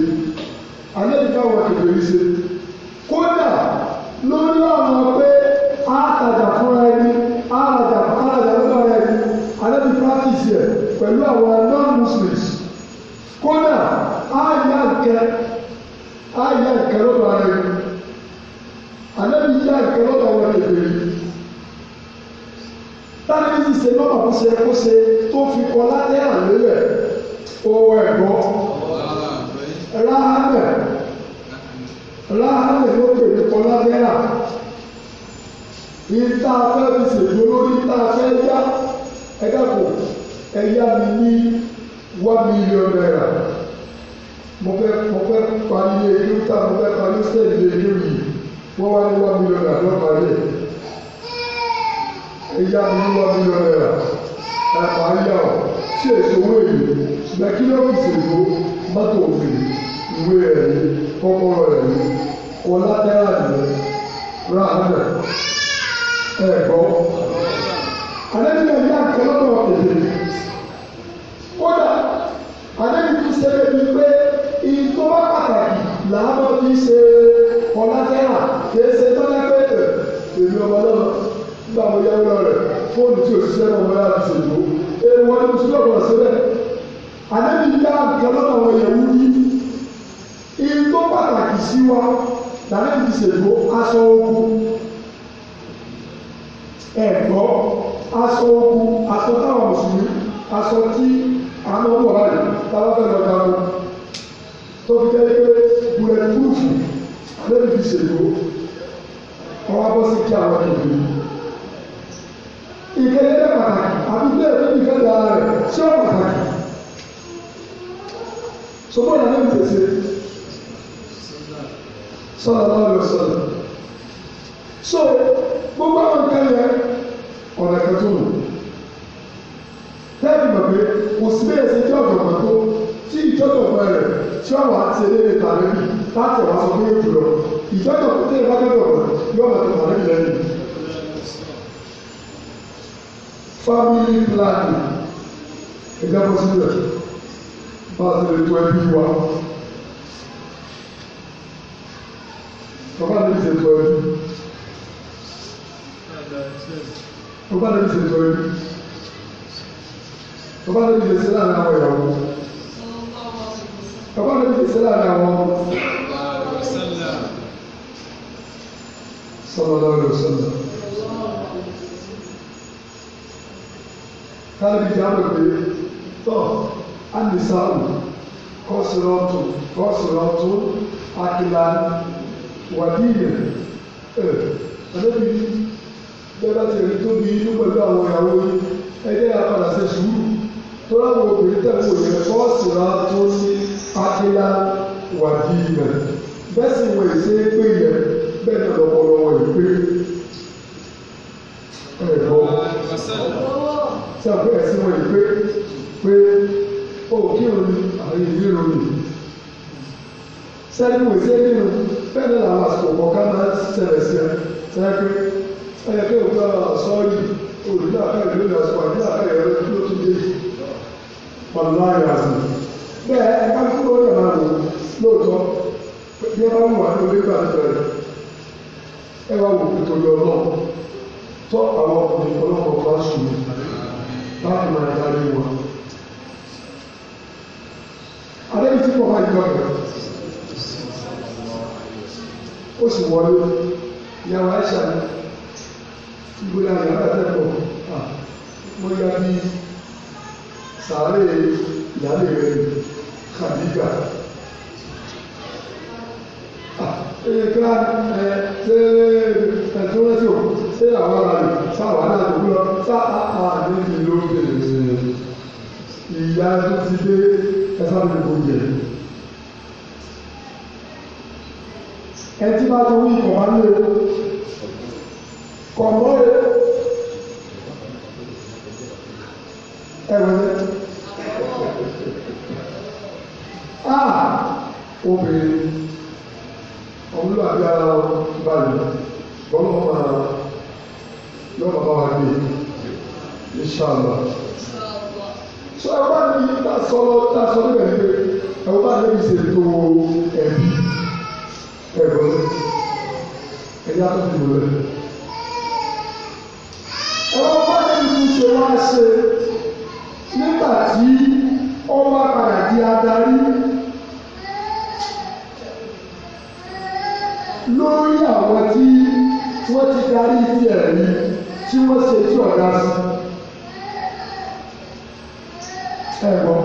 aṣọ tí àwọn ọmọ wa rè tábà fẹ́ lọ dáná tó fi jẹ́ pé búrẹ́dì búrúfù lórí fi ṣèlú ọwọ́ abọ́ sí kí àwọn ènìyàn. ìkẹyẹ jẹ́ pàtàkì àbí bẹ́ẹ̀ tó fi fẹ́ lọ ara rẹ̀ ṣé ó pàtàkì. sọ́kọ́ ìdáná ìtẹ̀sẹ̀ sọ́dọ̀ náà lọ sọ́dọ̀. so gbogbo àwọn nǹkan yẹn ọ̀nà sí bẹ́ẹ̀ ṣe jẹ́ ọ̀jọ̀gbọ́n tó tí ìjọ́jọ̀gbọ́n rẹ̀ tí ó wà á ti eléré tàbí láti ọ̀wá sọ fún èjò lọ ìjọ́jọ̀gbọ́n tó yẹ bá jọ́jọ̀gbọ́n yóò máa tẹ̀lé àárín lẹ́yìn. family planning ẹja bọ́ sílẹ̀ bá a ti lè tó ẹbí wa bàbá mi ti tó ẹbí bàbá mi ti tó ẹbí bàbá rẹ̀ fi ṣe láàrin àwọn ìyàwó bàbá rẹ̀ fi ṣe láàrin àwọn sọlọ́dọ̀ rẹ̀ sọlọ́. Tábìlì jáde pé tọ́ Anisaru kọ́sìrọ́tù kọ́sìrọ́tù Akila Wàdíyẹ̀ ẹ̀ ẹ̀dẹ́bí bẹ́ẹ̀ bá ti rí tóbi inú pẹ̀lú àwọn ìyàwó yìí ẹ̀dẹ́ àpàdà sùúrù tó láwọn obìnrin tẹ̀wé yẹn fọ́ọ̀sì rà tó ní akílá wàdí ibẹ̀ bẹ́ẹ̀ sì wọ̀ èsè pé yẹ bẹ́ẹ̀ náà lọ́pọ̀lọ́ wọ̀ yìí pé ẹ̀rọ sàbẹ̀ ẹ̀sìn wọ̀ yìí pé pé ó kí òun àwọn ìdí òun sẹ́ni wò sí ẹni nù bẹ́ẹ̀ ni làwọn àsìkò kọ̀ọ̀kan máa ń ṣẹlẹ̀ sí ẹ sẹ́ni pé ẹ̀yẹ pé òun náà sọ́ọ̀rì òun náà fẹ́ẹ̀ lórí àsìkò àdúrà ẹ̀rọ tó tún dé yìí ọ̀nà àyàzù bẹ́ẹ̀ ẹ bá kí wọ́n yàrá mi lóòótọ́ bí ẹ bá wù wá lórí gbà bẹ̀rẹ̀ ẹ wá wù kí torí ọlọ́ tọ́ àwọn ọkùnrin ọlọ́kọ̀ọ́ bá sùn láti máa darí wọn. Adébí tí wọ́n máa ń gbọ́dọ̀ ó sì wọlé ìyàwó àìsàn ìgbéra ìyàwó àtẹ̀kọ̀ ah, mo yà bíi sàárè ìyáálé rẹ̀ kàdígà ìka ah, ẹ ṣe ẹtú rántí o ṣé àwọn ará rẹ sáwà náà tó kú lọ sá àdé ti ló ń bèrè ìyá tó ti dé ẹsẹ mi kò jẹ. ẹ ti bá tó wí kọ̀mọ́lé o kọ̀mọ́lé ẹ̀wọ̀n obìnrin ọmọlúwàbí ara wọn balẹ̀ bọ́lá wọn máa yọ bàbá wa gbé ìṣàlọ. sọ ẹ bá ní tasọ tasọ níbẹ̀ níbẹ̀ ẹ bá ní ìṣètò ẹbí ẹ̀gbọ́n ẹ̀yà tó ti wọlé. ẹ bá ní ìṣèwà ṣe nígbà tí ọba padà di ada. tí wọ́n ti darí ibi ẹ̀rí tí wọ́n ṣe tí ọ̀dá sí. Ẹ̀gbọ́n.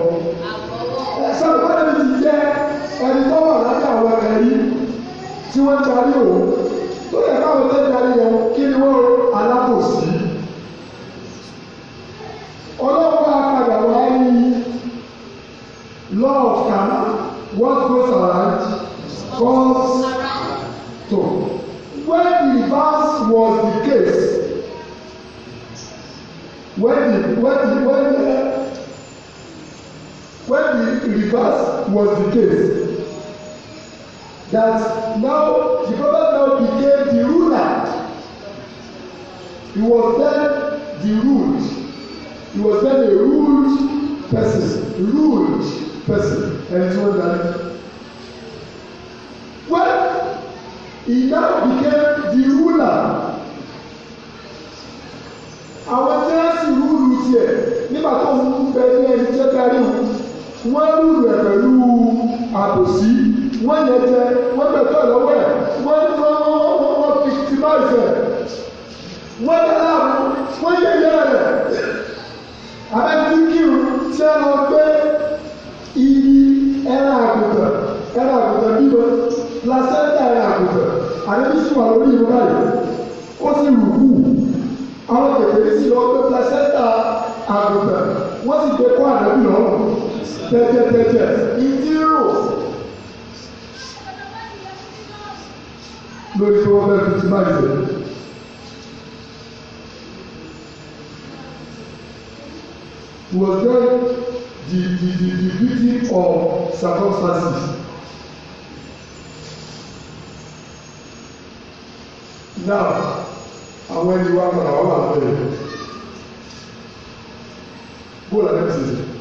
tiẹ̀ ìdí rò lórí tí wọ́n fẹ́ fi ti máa jẹ. was then the the the the victim of circumstances. now àwọn ẹni wa padà wà wà bẹ́ẹ̀ bó la lè ṣe.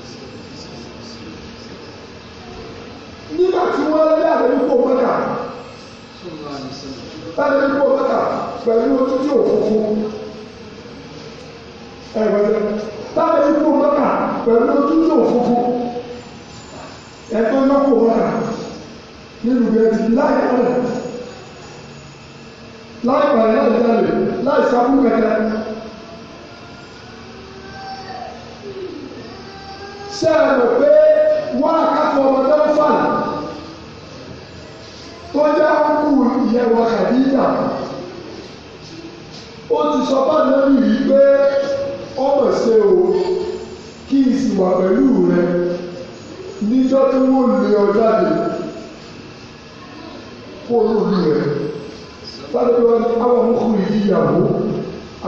nígbà tí wọ́n lé àdébíkò mọ́kà àdébíkò mọ́kà pẹ̀lú ojú tí ò funfun ẹ̀rọ̀dẹ̀ àdébíkò mọ́kà pẹ̀lú ojú tí ò funfun ẹ̀tọ́ yọkò mọ́kà nínú gẹ̀ẹ́tì láìpẹ́ láìpẹ́ láì jalè láì sábú kẹ̀kẹ́. Ṣé ẹ rò pé wọ́n á ká tó jẹ́ àkú ìyẹ̀wò kàdíjà ó ti sọ fún ànábì yìí pé ọmọ ṣe o kí n sì wà pẹ̀lú rẹ níjọ́ tí wọ́n lé ọ jáde kó o lòlù rẹ láti wọ́n àwọn ọmọkùnrin yìí yàwó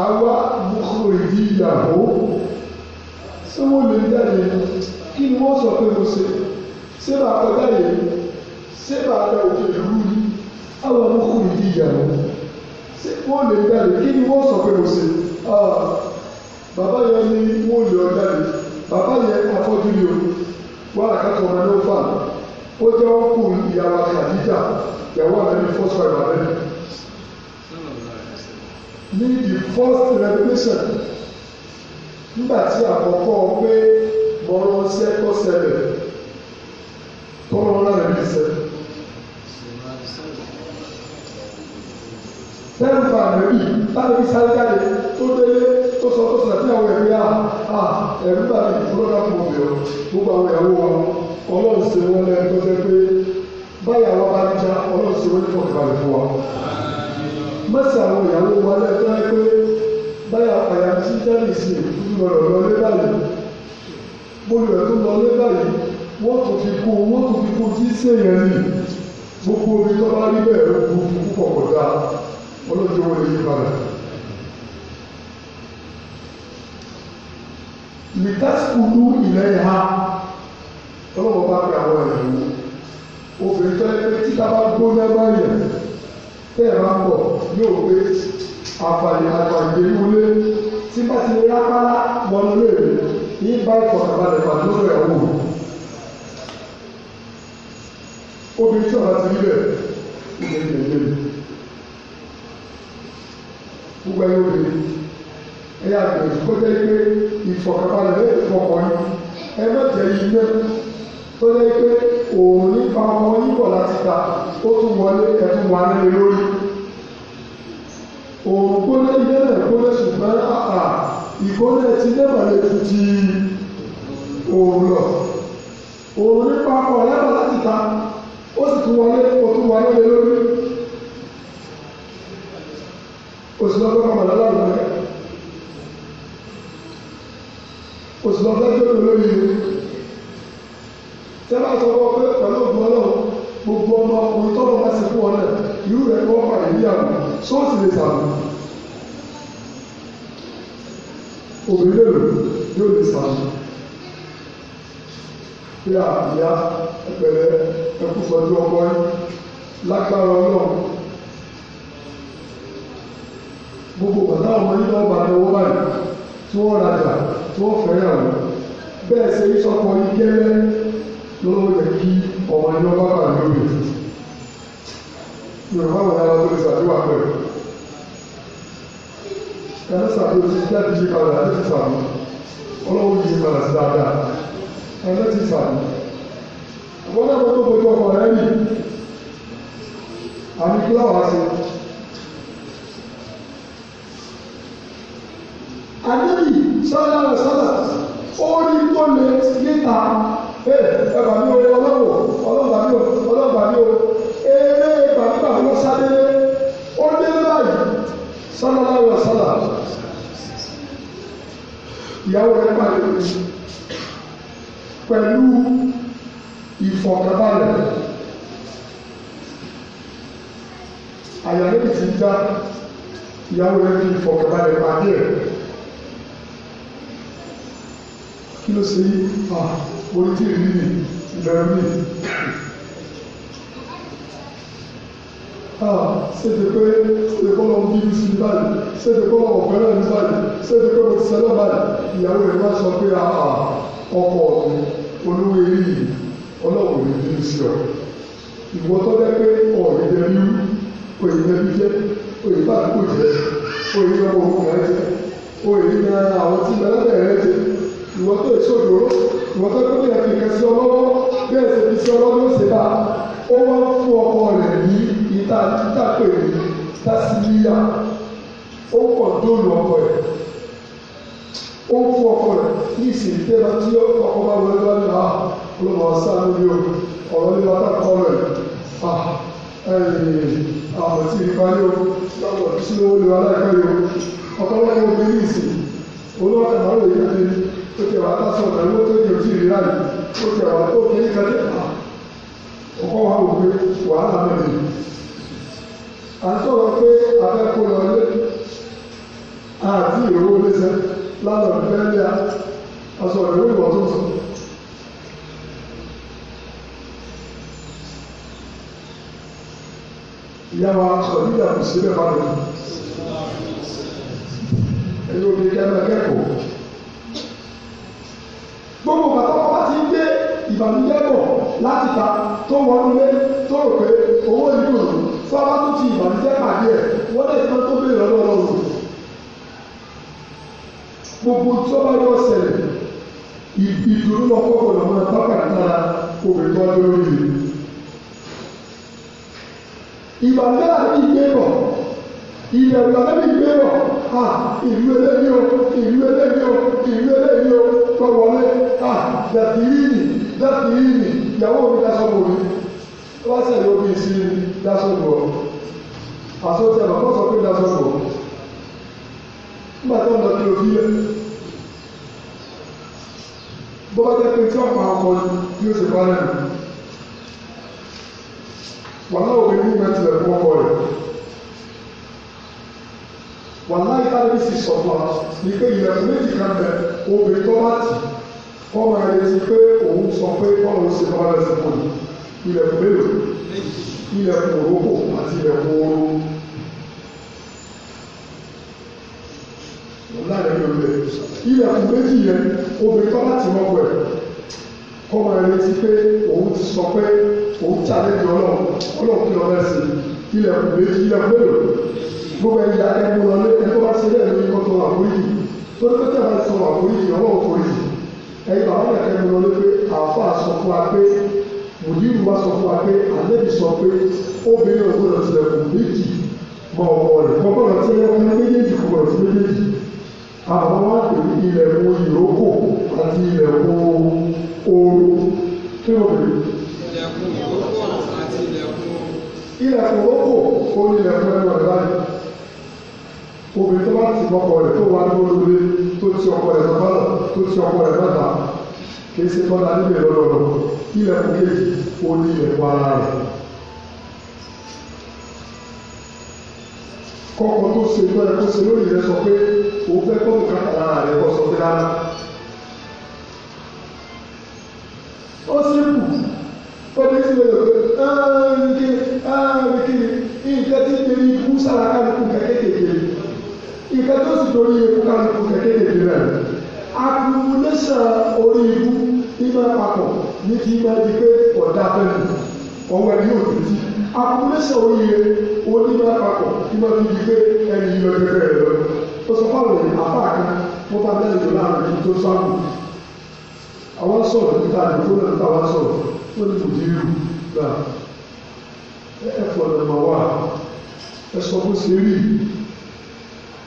àwa ọmọkùnrin yìí yàwó ṣé wọ́n lè jáde kí ni wọ́n sọ pé mo ṣe ṣé bàá kọjá ṣé bàá da òkè àwọn ọkọ mi di ìyàwó ṣé wọ́n lè jáde kí ni wọ́n sọ pé mo ṣe ah, bàbá yẹn ni wọ́n lè ọ jáde bàbá yẹn afọ́jú ni o wọ́n àkàtọ̀ ọmọ náà fà ó jẹ́ ọkọ ìyàwó àkàdíjà ìyàwó àlẹ́ni fọ́sọ ìwà rẹ̀ ní the first revelation nígbà tí àkọ́kọ́ pé mọ̀rọ̀ ṣẹ́kọ̀ọ́ ṣẹlẹ̀ tọ́lọ́ náà rẹ̀ ní ṣẹlẹ̀. lẹ́nu àmì sáré bí sáré jáde tó délé tó sọ tó sọ̀rọ̀ fíyàwó ẹ̀rí à à ẹ̀rú bá mi ìfúró náà kò bẹ̀rù gbogbo àwọn ẹ̀rú wa ọlọ́run ṣe wọn lẹ́nu tó jẹ́ pé báyà wọn bá níjà ọlọ́run ṣe wọn ní kọ̀ọ̀kan balẹ̀ fún wa. mẹ́sì àwọn ìyàwó wa lẹ́nu tó jẹ́ pé báyà àyà tí jáde sí ìdúró lọ lé báyìí bólú ẹ̀ tó lọ lé báyìí wọ́n tó fi kó wọ́n tó fi kó tí sèyàn ní gbogbo omi tó bá rí bẹ́ẹ̀ ló kú púpọ̀ kọjá olójú owó èyí eu lìtàsíkùlù ilẹ̀ yẹn ha ọlọ́wọ́ bá pè àwọn ẹ̀yìn wò obìnrin tó yẹ pé títà bá gbóná báyìí tẹ́ ẹ̀ bá ń bọ̀ yóò gbé àfààní àgbàgbé wọlé tí bá ti rí apálá wọnú léèrè ní bá ìfọ̀kànbalẹ̀ para o ẹ̀wò obìnrin tí ọ̀la ti rí bẹ̀ ilé ìgbẹ́ lé mi gbogbo ẹyọ obìnrin ẹ yà bẹ̀rẹ̀ kó jẹ́ pé ìfọ̀kànbalẹ̀ lè fọkàn yín ẹ má jẹ́ ilé tó jẹ́ pé òun nípa ọmọ yíbọ̀ láti ta ó tún wọlé ẹtún wà nílé lórí òun gbóná ilé náà gbóná ṣùgbọ́n àà ìgbóná ti lẹ́bàlẹ̀ tún ti òun lọ òun nípa ọmọ yàtọ̀ láti ta ó sì tún wọlé ó tún wà lórí òsìlọ́fẹ́ mọ̀mọ́ lọ́lọ́run rẹ̀ òsìlọ́fẹ́ tó lò lórí rẹ̀ tẹ́lá sọ wọ́n pé pẹ̀lú ògùn ọlọ́run gbogbo ọmọ ọkùnrin tọ́lọ́ bá ti fún ọ náà irú rẹ̀ ni wọ́n pàdé níyàwó sóòtì lè sàmù obìnrin lè yóò lè sàmù bí àyà ẹgbẹ̀rẹ̀ ẹkú sọjú ọgbọ́n lágbára ọlọ́run gbogbo bàtà ọmọ nígbà ọgbà ní owó báyìí tí wọ́n rajà tí wọ́n fẹ́yàwó bẹ́ẹ̀ ṣe ń sọpọ̀ ikẹ́lẹ́ ló yẹ kí ọmọ ní ọba bà lórí yorùbá wò lára tó lè ṣàdúrà pẹ̀lú ẹ̀rọ ṣàdúrà ti jáde yí padà láti sàmù ọlọ́run yìí padà sí dáadáa ẹ̀rọ ti sàmù ọgbọ́n náà tó tó fojú ọkọ̀ rẹ̀ rí àbí kí láwàá ṣe. àdébì sọ́dọ̀ àwọn sọ́dọ̀ ó rí tó lè níta ẹ ẹgbà mi ò ọlọ́wọ̀ ọlọ́gbà mi ò ọlọ́gbà mi ò eré gbàgbà mi ò sáré ó dé báyìí sọ́dọ̀ àwọn sọ́dọ̀ ìyàwó rẹ̀ pàdé pẹ̀lú ìfọ̀kànbalẹ̀ àyàlẹ́ ti dá ìyàwó rẹ̀ fi ìfọ̀kànbalẹ̀ pàdé rẹ̀. kí ló ṣe yí orí tí èmi nì ìbẹ̀rù mi. ṣètò pé ṣètò pé ọlọ́run bí mi sí ní báyìí ṣètò pé ọlọ́run ọ̀fẹ́ náà ní báyìí ṣètò pé mo ti sẹ́lẹ̀ báyìí ìyàwó rẹ̀ wá sọ pé ọkọ̀ olówó eré yìí ọlọ́run ní bí mi sí ọ. ìwọ tó dẹ́ pé ọ̀rẹ́ jẹ bí òye jẹ bí jẹ òye bá àdúgbò jẹ òye bá gbogbo rẹ jẹ òye ní àwọn tí bẹ́ẹ̀ rẹ jẹ ìwọ́n tó èso dòró ìwọ́n tó tó yẹ kìkan sí ọlọ́wọ́ bẹ́ẹ̀ ṣe fi sí ọlọ́wọ́ ṣe bá ó wá fún ọkọ rẹ̀ ní ìta títà pè ní tásílíyà ó pọ̀ dóòlù ọkọ rẹ̀ ó fún ọkọ rẹ̀ ní ìsìn tẹ́lá tí ọkọ bá wọlé wá ní àá olùmọ̀ ọ̀sán lórí o ọ̀rọ̀ ní wọ́n tàn kọ́ rẹ̀ ah, àwọn tí ìfá ní o lọ́wọ́ sí owó lè wá láìpẹ́ o ọkọ wọn ni obìnrin ìsìn olùwàtà máa ń ó tẹ̀ wá lásán ọ̀nà ló tó yẹ ojú ìrírá yìí ó tẹ̀ wá tó kí nǹkan tẹ̀ wá ọkọ̀ wa wò pé wàhálà náà lè. à ń sọ̀rọ̀ pé abẹ́kọ̀ lọ lé àti ìró lẹ́sẹ̀ lálọ́ ìfẹ́lẹ́ aṣọ ìró ìwọ̀ tó sọ. ìyá wa sọ nígbà kò sí bẹ́ẹ̀ bá lọ. ẹni omi kẹ́mẹ́ kẹ́kọ̀ọ́ gbogbo bàtà bá ti ń gbé ìbànújẹ́ bọ̀ láti ta tó wọnú lé tó rò pé owó ìlú òní sábà tó ti ìbànújẹ́ pàdé ẹ̀ wọ́n lè tán tó béèrè lọ́wọ́ lọ́wọ́ gbogbo tí ó bá yọ ṣẹlẹ̀ ìdùnnú lọ kọ́kọ́ lọ́wọ́ bákàtà obìnrin tó lórí ìbànújẹ́ àti ìgbé bọ̀ ilẹ̀ ìlànàbí gbé wọ̀ à ìlú eléyìí o ìlú eléyìí o ìlú eléyìí o tó wọlé à dàtí yìí dàtí yìí ìyàwó mi dáṣọ bò mí wọ́n sẹ̀ ló bí sí dáṣọ bò ọ́ àsọtí ẹ̀ bàbá sọ pé dáṣọ bò ọ́ nígbà tó ń lọ kí o fi yẹ bó bá jẹ́ pé tí wọ́n pa ọkọ ni yóò ṣe parẹ́ mi wàhálà òbí ní ìgbà tilẹ̀ fún ọkọ rẹ̀ wàhálà ìtàlẹ́ sì sọ̀tọ̀ wípé ìlẹ̀kùn méjì kan bẹ̀ obìnrin tó bá tì kọ́ máa retí pé òun sọ pé bọ́ọ̀lù ṣe bá rẹ̀ sí wọn ìlẹ̀kùn mélòó ìlẹ̀kùn òrókò àti ìlẹ̀kùn oró. ìlẹ̀kùn méjì yẹn obìnrin tó bá tì wọ́n pẹ̀ kọ́ máa retí pé òun ti sọ pé òun tàlẹ́ di ọlọ́run ọlọ́run kí ọlọ́run sí ilẹ̀kùn méjì ilẹ̀kùn mélòó gbogbo ẹni dákẹ́ mú lọ lórí ẹni tó bá ṣe lẹ́yìn lórí kó tó àforíjì tó ní pẹ́tẹ́ bá sọ àforíjì ọwọ́ òforíjì ẹ̀yin bàbá dákẹ́ mú lọ lórí pé àáfàá sọ fún wa pé mùdírù wa sọ fún wa pé àlẹ́bí sọ pé obìnrin ògbọ́dọ̀ tilẹ̀kùn méjì mọ ọ̀pọ̀ rẹ̀ kọ́kọ́rọ̀ tilẹ̀kùn méjèèjì kọ́kọ́rọ̀ sí méjèèjì àwọn wa pè ní ilẹ̀ wo ìrókò àti ilẹ̀ wo ooru kí ló dé. ilẹ̀kùn ìrókò àti ilẹ̀kùn. ilẹ̀kùn ìrókò ó ní ilẹ̀kùn ẹ̀rọ ìbáyìí obìnrin tó bá ti ọkọ rẹ̀ tó wà lóore tó ti ọkọ rẹ̀ lọ́ba tó ti ọkọ rẹ̀ lọ́ba kì í ṣe tọ́lá níbẹ̀ lọ́dọọdọ ilẹ̀kùn kejì ó ní ilẹ̀kùn ara rẹ̀. kọ́kọ́ tó ṣe tó ẹ kó ṣe lórí rẹ sọ pé o fẹ́ kọ́ nǹkan ara rẹ kọ́ sọ pé rárá. ó sì kù ó ní sí lóyè pé áá ní kí áá ní kí ní nǹkan tí ń bẹ ní ikú sára ká ní kú kẹ́kẹ́ kékeré ìkẹ́ tó sì torí ikú kálukú kékeré rẹ̀ akumulẹ́sẹ̀ orí ikú ìgbà papọ̀ ní ti máa di pé ọ̀dà bẹ́ẹ̀ ọwọ́ ẹni yóò tó ti akumulẹ́sẹ̀ orí ire orí ìgbà papọ̀ ìgbà tó di pé ẹni yọ ẹgbẹ́ rẹ̀ lọ. ó sọ fáwọn èèyàn apá kan mo bá bẹ́ẹ̀ lò láàrin tó sáàmù àwọn sọ̀rọ̀ níta àdúgbò náà níta wá sọ̀rọ̀ ó ní kò dé irú náà ẹ̀fọ́ lọ́mọ wà ẹ fún ṣe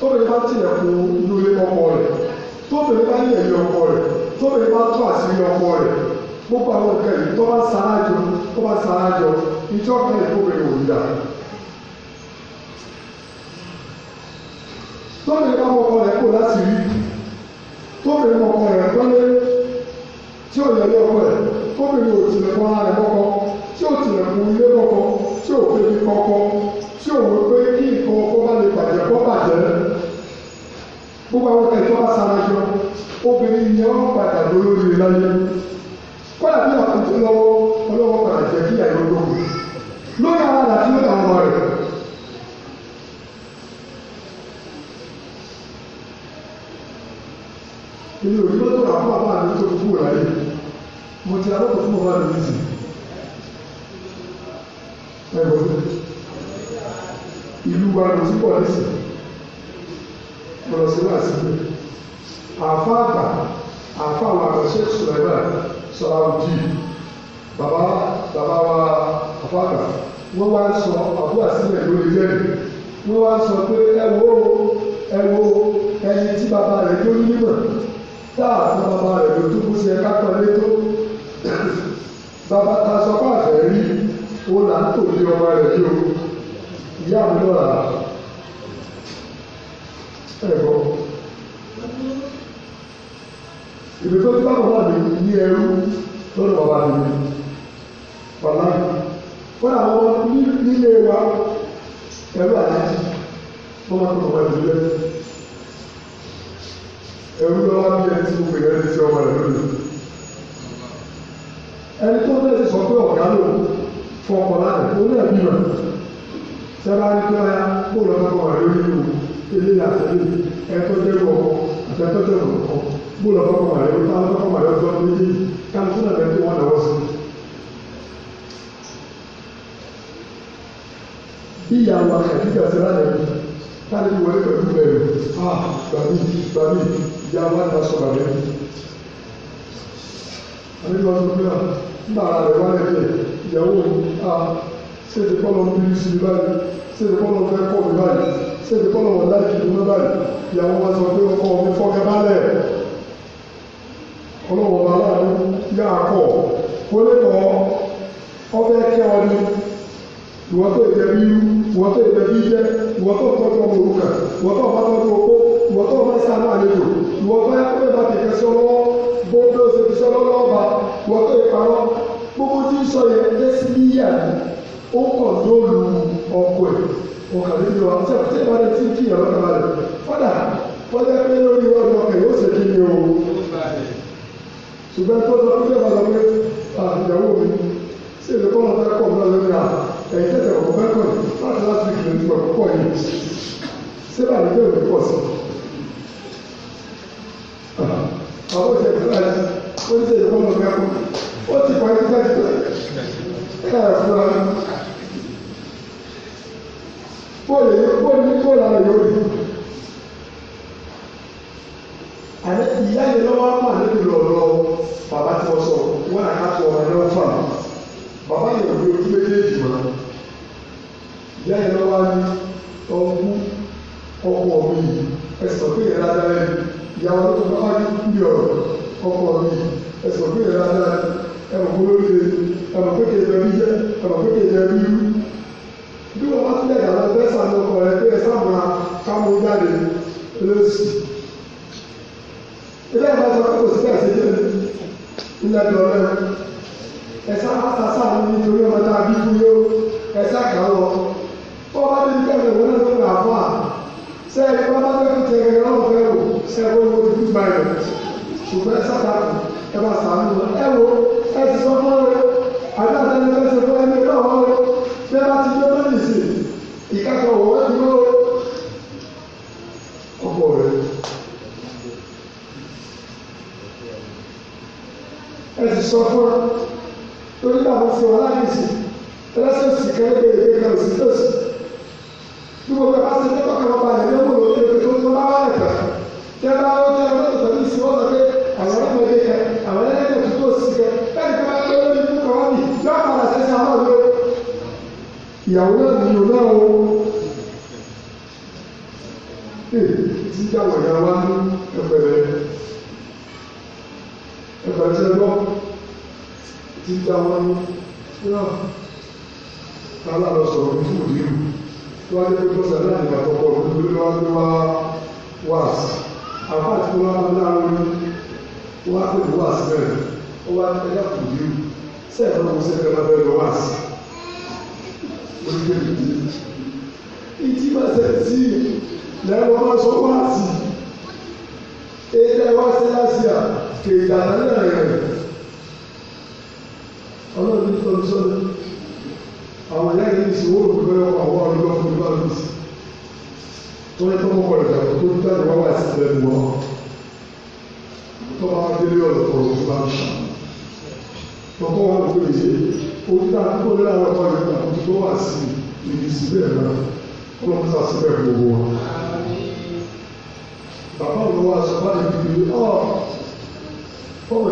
tóbìnrin bá tilẹ̀ fún inú ilé ọkọ rẹ̀ tóbìnrin bá yẹ̀ ilé ọkọ rẹ̀ tóbìnrin bá tó àṣírí ọkọ rẹ̀ gbogbo àwọn nǹkan yìí tó bá sáájọ tó bá sáájọ ìjọ kan ìkóbìnrin ò ní dà. tóbìnrin bá mọkọ rẹ̀ kó láti rí tóbìnrin mọkọ rẹ̀ gbọ́lé tí ò yẹ ilé ọkọ rẹ̀ tóbìnrin ò tilẹ̀ fún ara rẹ̀ kọ́kọ́ tí ò tilẹ̀ fún ilé kọ́kọ́ tí ò pé kí kọ́kọ́ tí ò wọ́n pé kí nǹkan tó bá sára jọ obìnrin yẹn wọ́n padà lórí láyé kọ́lá bí wọ́n ti lọ́wọ́ ọlọ́wọ́ padà jẹ́ kí àyè olóko lórí ara àti lórí àwọn ọmọ rẹ̀. èmi ò rí lọ́tọ̀ rà fún àwọn àmì tó kú láyé mo ti alọ́kọ̀ fún ọmọ rẹ̀ nìyí. ẹ̀rọ ìlú wa lọ sí pọ̀ nísìnyí lọ sí wá síbẹ̀ àfa àgbà àfa àwọn àgbà sheikh suleiman salaudi bàbá bàbá wa àfa àgbà wọ́n wá sọ àbúrò àsìlẹ̀ lórí lẹ́nu wọ́n wá sọ pé ẹ wo ẹ wo ẹni tí bàbá rẹ̀ tó nímọ̀ tá a fún bàbá rẹ̀ ló tó kú sí ẹ kápẹ́ lé tó bàbá ta sọ pé àfẹ́ rí o là ń tò lé ọmọ rẹ̀ yìí ìyá mi lọ́ra ẹ̀gbọ́n ibi tó ti bá bàbá mi ní ẹrú lọ́dọ̀ bàbá mi ní bàbá mi wọ́n àwọn nílé wa ẹrú àti wọ́n máa ń tọ́ ọmọ ìlú lẹ́sìn ẹrú lọ́wọ́ bí ẹni tí mo pè lẹ́sìn sí ọmọ ìlú lẹ́sìn ẹni tó bẹ̀rẹ̀ sọ pé ọ̀gá ló fọ ọkọ̀ láti tó lẹ́ẹ̀ bí wọn sábà ní kí wáyà kó lọ́wọ́ bọ̀ wà lórí ìlú ilé àtẹ̀lé ẹ̀tọ́jẹ́ ọkọ̀ àtẹ̀tọ́jẹ́ ọkọ̀ bó lọ fọkàn wà lẹ́yìn tá lọ́kàn wà lọ́dún ọdún méjèèjì kálukú náà bẹ́ẹ̀ tó wọ́n náwó sí. ìyàwó àkàtúntà sí lánàá yìí kálukú wọlé pẹ̀lú bẹ̀rù ah bàbí bàbí ìyàwó àtàsọ bàbí. àmì ìgbà tó gbéra nígbà ara rẹ̀ wá lẹ́yìn ìyàwó ah ṣé ti kọ́ lọ ń bí sí báyìí ṣé ti kọ́ lọ fẹ́ kọ́ mi báyìí ṣé ti kọ́ lọ wọ̀ láì kì í mú báyìí ìyàwó wa sọ pé ọkọ mi fọ́ bá lẹ̀ ọlọ́wọ́ bá láàrin yá pọ̀ ó lẹ́tọ̀ ọfẹ́ kẹ́ ọ ní ìwọ́n tó ìjẹ́ bí irú ìwọ́n tó ìjẹ́ bí jẹ́ ìwọ́n tó tọ́jú ọmọ òrukàn ìwọ́n tó bá tọ́jú opó ìwọ́n tó bá sáà náà lẹ́tọ̀ ìwọ́n tó yá pé bá kẹ̀kẹ́ sọ lọ́wọ́ bó bí ó ṣe fi sọ lọ́wọ́ ọba ìwọ́n tó ìparọ́ gbogbo tí ń sọ yẹn dé sí níyà ni ó kọ̀ lóòlù ọkọ ẹ̀ ọkàn lórí wa tí àti ìbára tí ń kíyàn lọ́kàn balẹ̀ fọ́dà fọ́dà pé lórí wọn lọ́kàn yóò ṣe kí ni o ṣùgbọ́n tó lọ sí ìjọba lọ pé ah, ìyàwó mi délé ọ̀rọ̀ ọ̀rọ̀ tó bá ń ṣàn. ọkọ wa ló pè é onígbà tó lára ọkọ rẹ gbà tó wà sí ibi síbẹ̀ náà ọlọ́run sá síbẹ̀ gbogbo wa. bàbá òun wa sọ o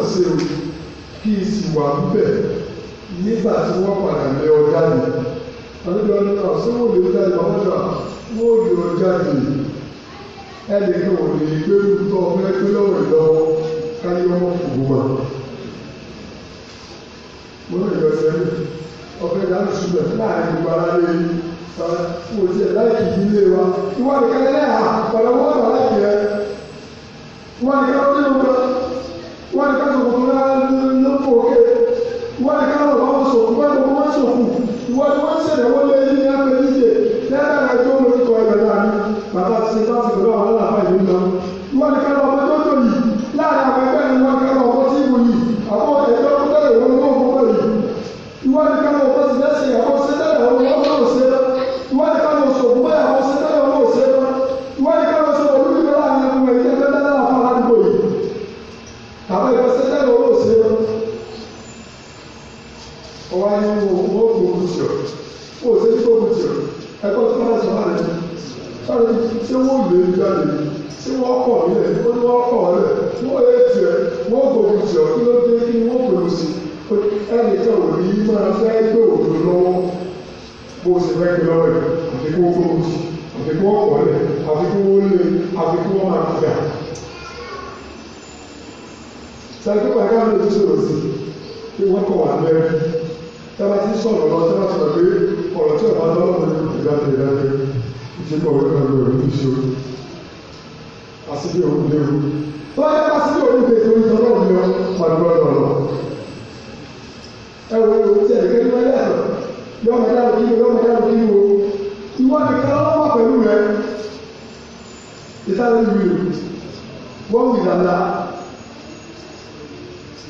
kí n sì wà níbẹ̀ nígbà tí wọ́n padà lé ọ jáde. àlejò ọdún náà ṣé wọ́n lè jáde bàbá náà wọ́n lè ọ jáde ẹnì kan ò lè gbé lùtọ́ ọmọ ẹgbẹ́ káyé ọmọ fòwò wà. mo lè yọ sẹ́yìn ọ̀fẹ́ ìdáná ṣùgbọ́n láàrin gbogbo ara lè fa wò sí ẹ̀ láì kìí ilé wa ìwà nìkan lẹ́yìn à pàlọ́wọ́ àgbà láì rẹ̀ ìwà nìkan ló dé wọn ìwà nìkan tó kọ̀ fúnra lóko òkè ìwà nìkan ló bá wọn sòkù wọn ló wọn sòkù ìwà ni wọn lé ní ẹgbẹ́ díje lẹ́yìn àgbà tó lórí kọ ẹgbẹ́ náà bàbá ti ṣe bá ti gbọ́dọ̀ àwọn àlàfà ẹ̀kọ́ ló ti sọ̀rọ̀ sí pé wọ́n kọ̀ wà mẹ́rin tábà ti sọ̀rọ̀ lọ tábà sọ̀rọ̀ pé ọ̀rọ̀ tí ọ̀bá lọ́wọ́ ní ìdájọ́ ìdájọ́ ìjẹ́pọ̀ ọ̀rẹ́ kan ló rẹ̀ fi ṣe àsìkò òun léwu tó wáyé pàṣípò òun lè torí tọ́lọ́run lọ pàdúrà lọ́rọ̀ ẹ̀wọ̀n ẹ̀wọ̀n tí ẹ̀gẹ́ ní wáyé àná yọmọ ẹ̀dá òkè wo yọmọ ẹ̀dá òkè wo ìwọ nìkan lọ́wọ́ pẹ̀lú rẹ ìtàlẹ́ ìlú wọ́n wù ìlànà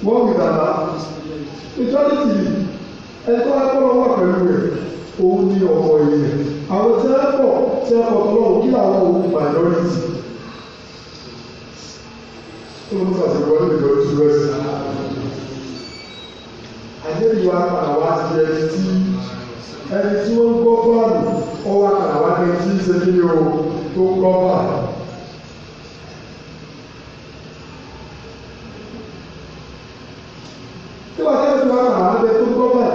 wọ́n wí bàbá ìtọ́lítì ẹ̀tọ́ akọ́lọ́wọ́ pẹ̀lú rẹ̀ òun ni ọ̀pọ̀ èèyàn àwọn tí wọ́n pọ̀ tí wọ́n pọ̀ lọ́wọ́ kí làwọn òun minority tó ń sàṣẹ̀wọ́ ní ìjọ ìṣúra ẹ̀sìn. àjẹjù apàdàwà ti ẹni tí ẹni tí wọ́n ń gbọ́ bọ́ọ̀lù ọwọ́ apàdàwà ni tí ń ṣe kí ni o tó gbọ́ bọ́ọ̀lù. wà kàrà wá dé tó gómìnà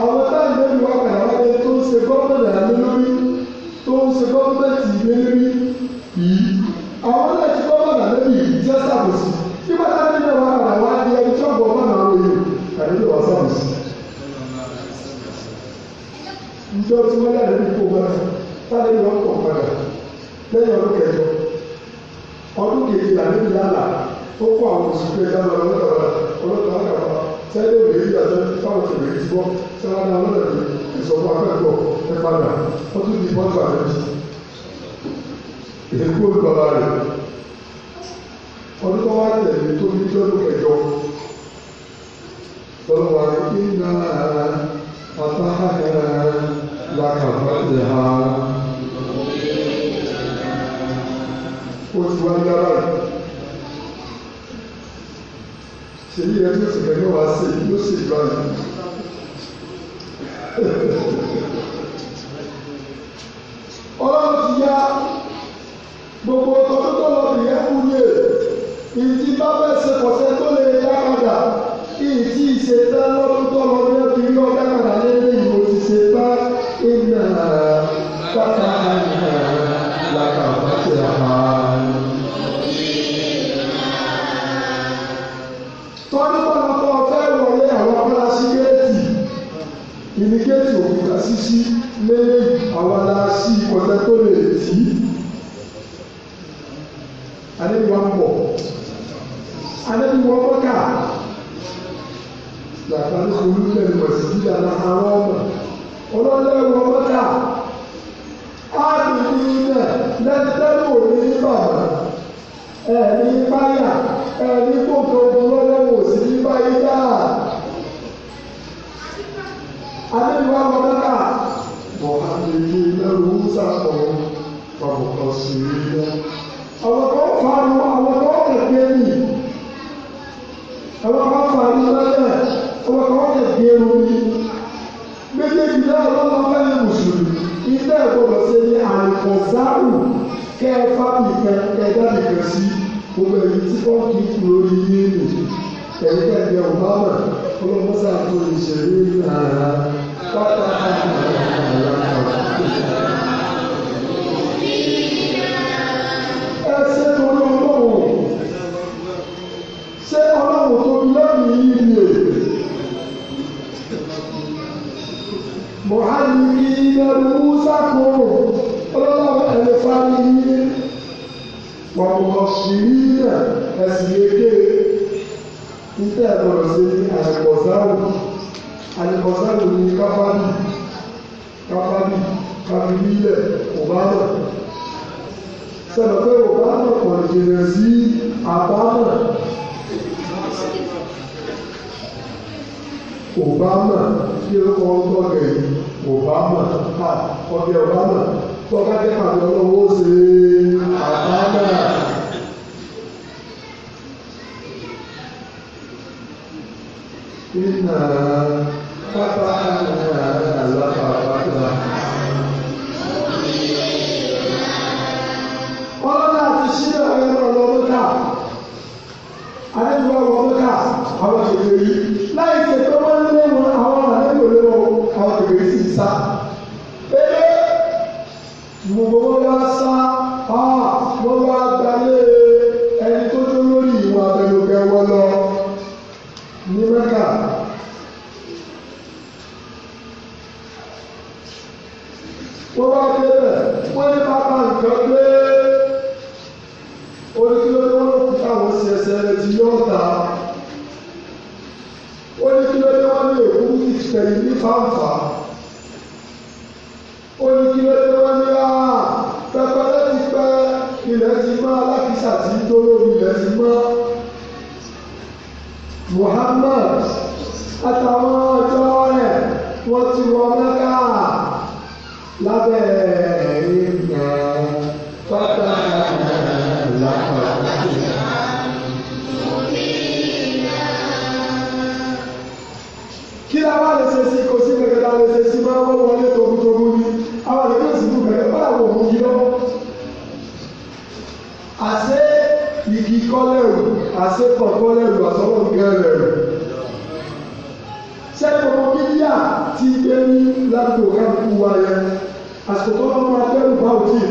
àwọn táyì lórí wà kàrà wá dé tó ń ṣe gómìnà lé lórí tó ń ṣe gómìnà tì lé lórí yìí àwọn náà ti gómìnà lórí yìí jẹ́ sàbòsí nígbà táyì lórí wà kàrà wá dé ẹni tí wọ́n gbọ́ gómìnà wò yìí àbí lè wà sàbòsí. njẹ́ o ti wọ́n lẹ́nu ní kó wọ́n táyì lórí wọ́n kọ̀ padà lẹ́yìn ọdún kẹjọ ọdún kejìlá níbi lálà ó kó àwọn òṣìṣẹ́ ìjọba ọlọ́dọ̀ ọlọ́dọ̀ ọlọ́dọ̀ sẹ́yìn èmi yìí àti fáwọn èmi yìí ti bọ́ sẹ́wọ́n ní àwọn ẹ̀mí ìsọ̀rọ̀ akẹ́kọ̀ọ́ ẹ padà wọ́n tún di bọ́ọ̀lù àrẹ́jì èkó ìgbàlá rẹ̀ ọdún tó wá tẹ̀lé tó ní lọ́dún kẹjọ lọ́wọ́ iná àtàkàrà làkàfàdé ha ó ti wá rẹ̀. ṣèyí rẹ tí oṣù kẹgbẹ́ wá sí èyí ló sì gbà yìí. ọlọ́run ti yá gbogbo ọkọ̀ tó lọ sí ẹ̀kú lè ìdí bá fẹ́ ṣe pọ̀ṣẹ́ tó lè yá padà ìdí ìṣẹ̀dá lọ́dún tó lọ ní ẹbí rí ọ̀dá padà lẹ́yìn ìwò ti ṣe bá ìnà pátá àyà làkàbàtì àmà. tọ́jú tọ́jú tó fẹ́ wọlé àwọn afárasí géètì ìní géètì òkúta sísí méjèèjì àwọn aláṣí ìkọ̀tẹ́ tó lè tì í. Ànábì wa ń bọ̀ Ànábì wa bọ́kà yàtọ̀ ní olú lẹ́nu mọ̀sídìí dáná àwọn ọmọ ọlọ́lẹ́wọ̀ bọ́kà á bìí ní ilẹ̀ lẹ́tẹ́lú òní bàbá ẹ̀ẹ́dí báyà ẹ̀ẹ́dí kòtò ogun lọ́lọ́wọ́ sí ní báyìí dá. Adébíwá Mọ́tàkà Mọ̀hámẹ́dì lẹ́rù ń sàkọ̀ ọ̀pọ̀ sí i lẹ́. Àwọn kan fanu àwọn kan kẹ̀kẹ́ nì. Àwọn kan fanu lẹ́lẹ̀ àwọn kan kẹ̀kẹ́ omi. Méjèèjì náà lọ́wọ́ fẹ́ ní Mùsùlùmí. Ilé ẹ̀kọ́ lọ sí ní àlùkò sáàrù kẹ́ẹ̀fà kẹ́ẹ̀dá nìkan sí i gbogbo ẹ̀yìn tí wọ́n kì í kúrò ní nínú ẹ̀yìn tẹ̀lé ọ̀bámà ọlọ́mọ́sá tó ìṣèlú ní ara pátá àgbà àgbà àgbà. ẹ̀sìn èdè títẹ̀ ẹ̀gbọ́dọ̀ sí àlùkọ̀sáàlù àlùkọ̀sáàlù ní káfáàlì káfáàlì káfílílẹ̀ Obama sọ̀rọ̀ pé òbálẹ̀ kò jìnà Obama àbámọ̀ òbámọ̀ kí ló kọ́ ọ́ gẹ̀yìn òbámọ̀ ọ̀gẹ̀ Obama tọ́ka jẹ́ pàdé ọlọ́wọ́ ṣe Obama إنا فتح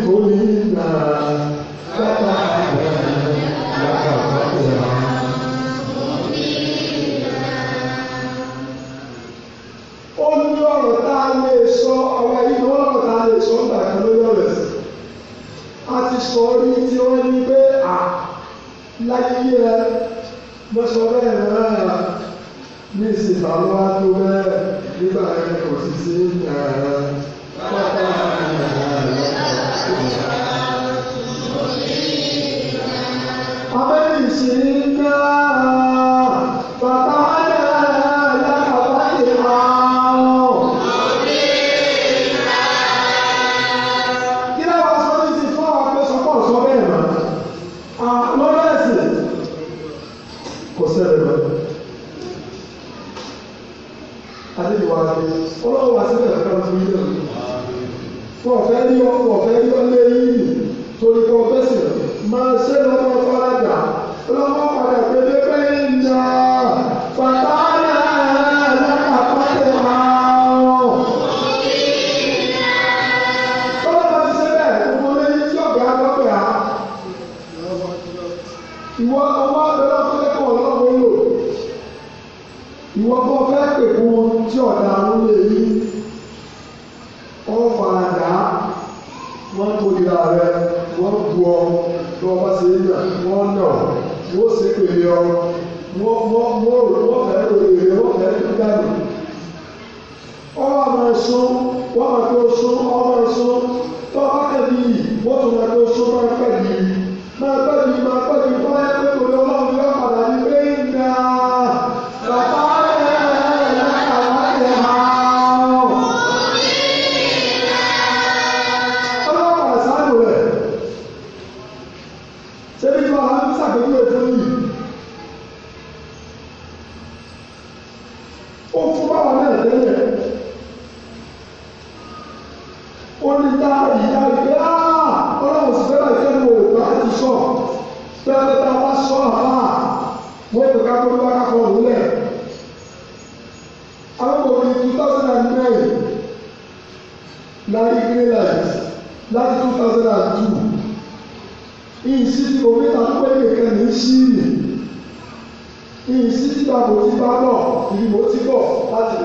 holy night.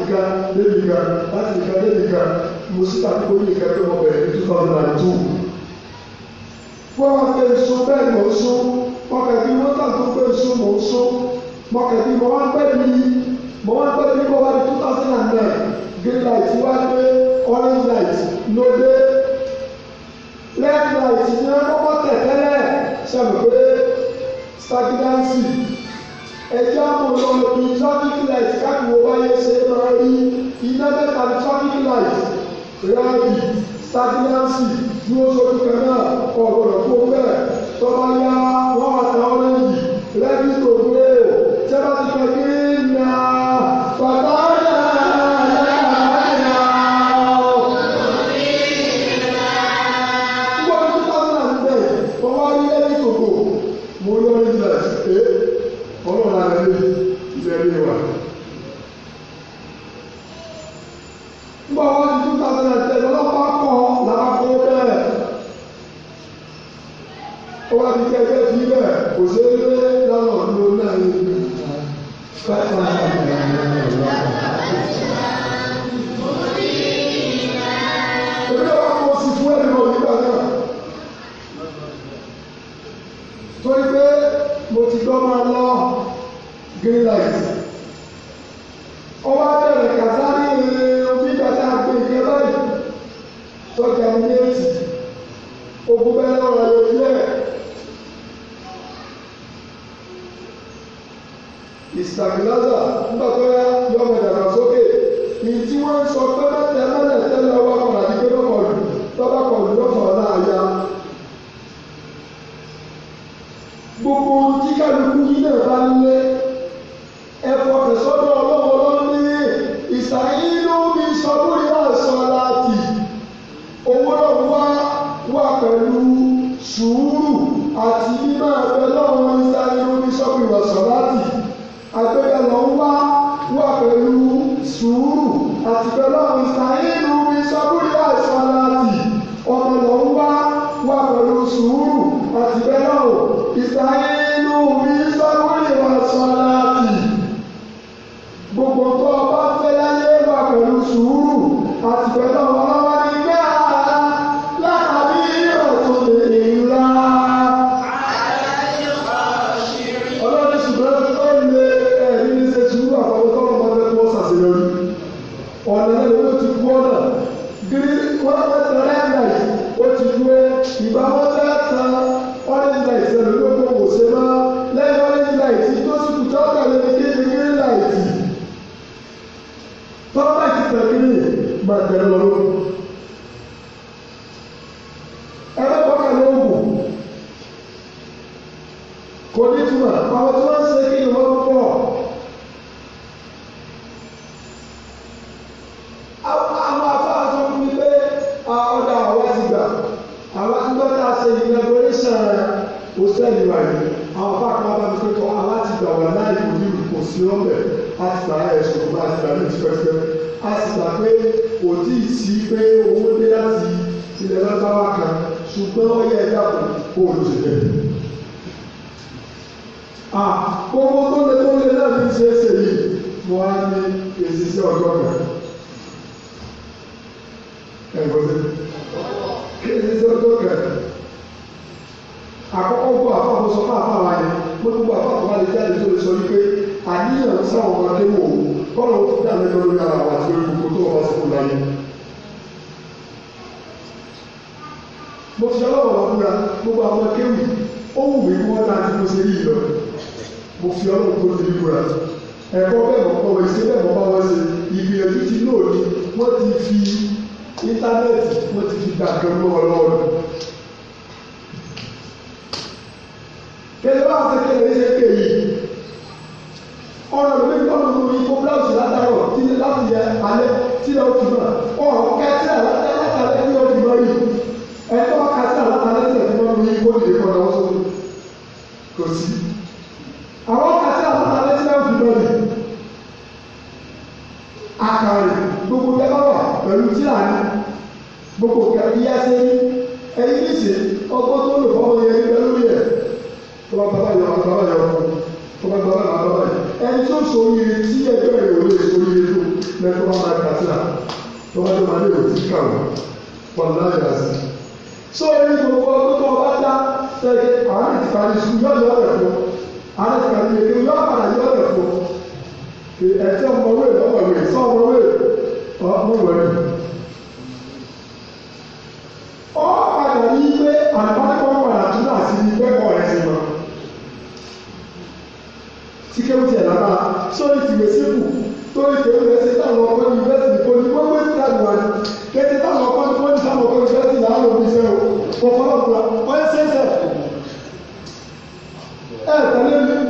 kan débi kan láti kan débi kan mo sì tàbí kó nìkan tó mọ bẹ̀rẹ̀ ní two thousand and two. wọ́n wá pé sún bẹ́ẹ̀ mọ̀ ń sún wọ́n kẹ́ bí wọ́n tà tó pé sún mọ̀ ń sún wọ́n kẹ́ bí wọ́n pẹ́ bí mọ̀ wọ́n pẹ́ bí wọ́n wá ní two thousand and nine green light wá dé orange light ló dé red light ní wọ́n kọ́kọ́ tẹ̀ tẹ́lẹ̀ ṣàmùpé stagnancy ẹjẹ́ àmọ́ lọ́nà bíi traffic light káàkiri wáyé ṣe máa rí iná mẹ́ta traffic light ráàyè stagnancy dúró sójú kan náà ọ̀gbọ̀nà tó bẹ̀rẹ̀ tọ́ba yá wọ́n àtàwọn ẹ̀yìn lẹ́bí tó gbé. kò sí ẹgbẹ́ lọ́rọ̀ ló náà yẹ pàtàkì wọn padà tún náà sí ìgbẹ́kọ̀ rẹ̀ sí lọ. tí kéwù tiẹ̀ lábá sórí tìwé síkù torí tèwé rẹ̀ sí táwọn ọkọ yunifásitì kò ní gbogbo èsì táwọn wà ní kéde táwọn ọkọ ní wọ́n ní táwọn ọkọ yunifásitì làwọn òbí sẹ́ o kò fọlọ́kùnrin ọ̀ ẹ sẹ́sẹ̀ ẹ tẹ̀lé mi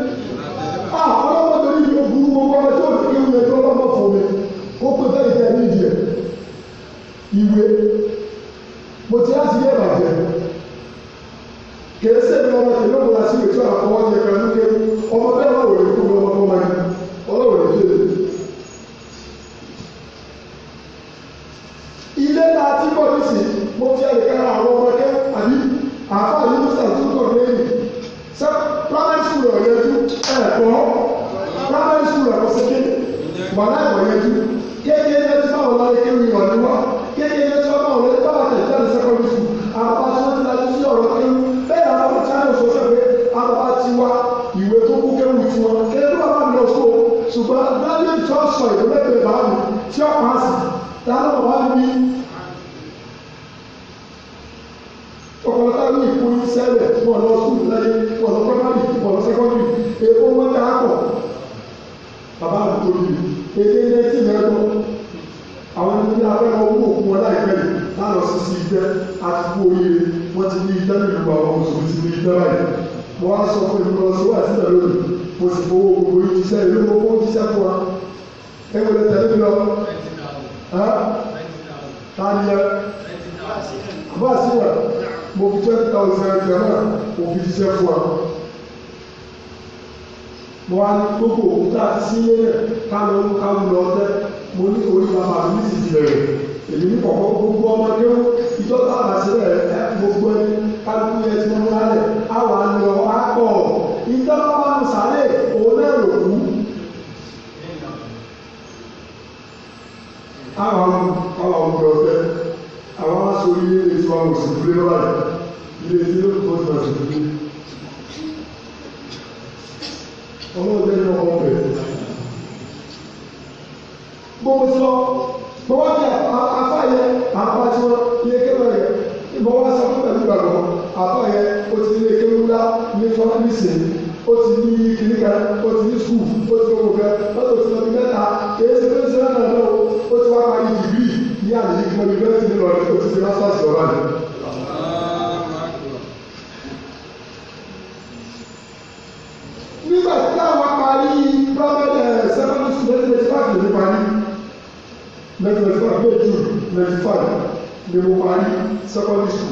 como fi ṣiṣẹ́ fún wa mo wá ní gbogbo òkúta sí kálọ̀ kálọ̀ lọ tẹ́ mo ní orí bàbá mi sì ti bẹ̀rẹ̀ èmi ní kọ̀kọ́ gbogbo ọmọdé ó ìjọ táwọn àti rẹ̀ gbogbo ẹni kálukú yẹn ti mú lálẹ̀ àwọn àlọ́ akọ̀ ìjọ bá wà ní sàlẹ̀ òun náà lò kú. àwọn àwọn ọmọdé ọ̀fẹ́ àwọn aṣọ ilé ìtura ìdílé lọ́wọ́ rẹ̀. ti ní skul ó ti gbogbo fẹ ó ti sọ ní mẹ́ta kìí ṣe fẹsẹ náà náà o ó ti wá parí dìbì ní àlejò ìgbìmọ̀ yunifásitì lọ ó ti fi masters lọ báyìí. nígbà tí àwọn parí primary secondary school lẹ́yìn twenty five lè parí lẹ́yìn twenty five lè jù twenty five lè parí secondary school.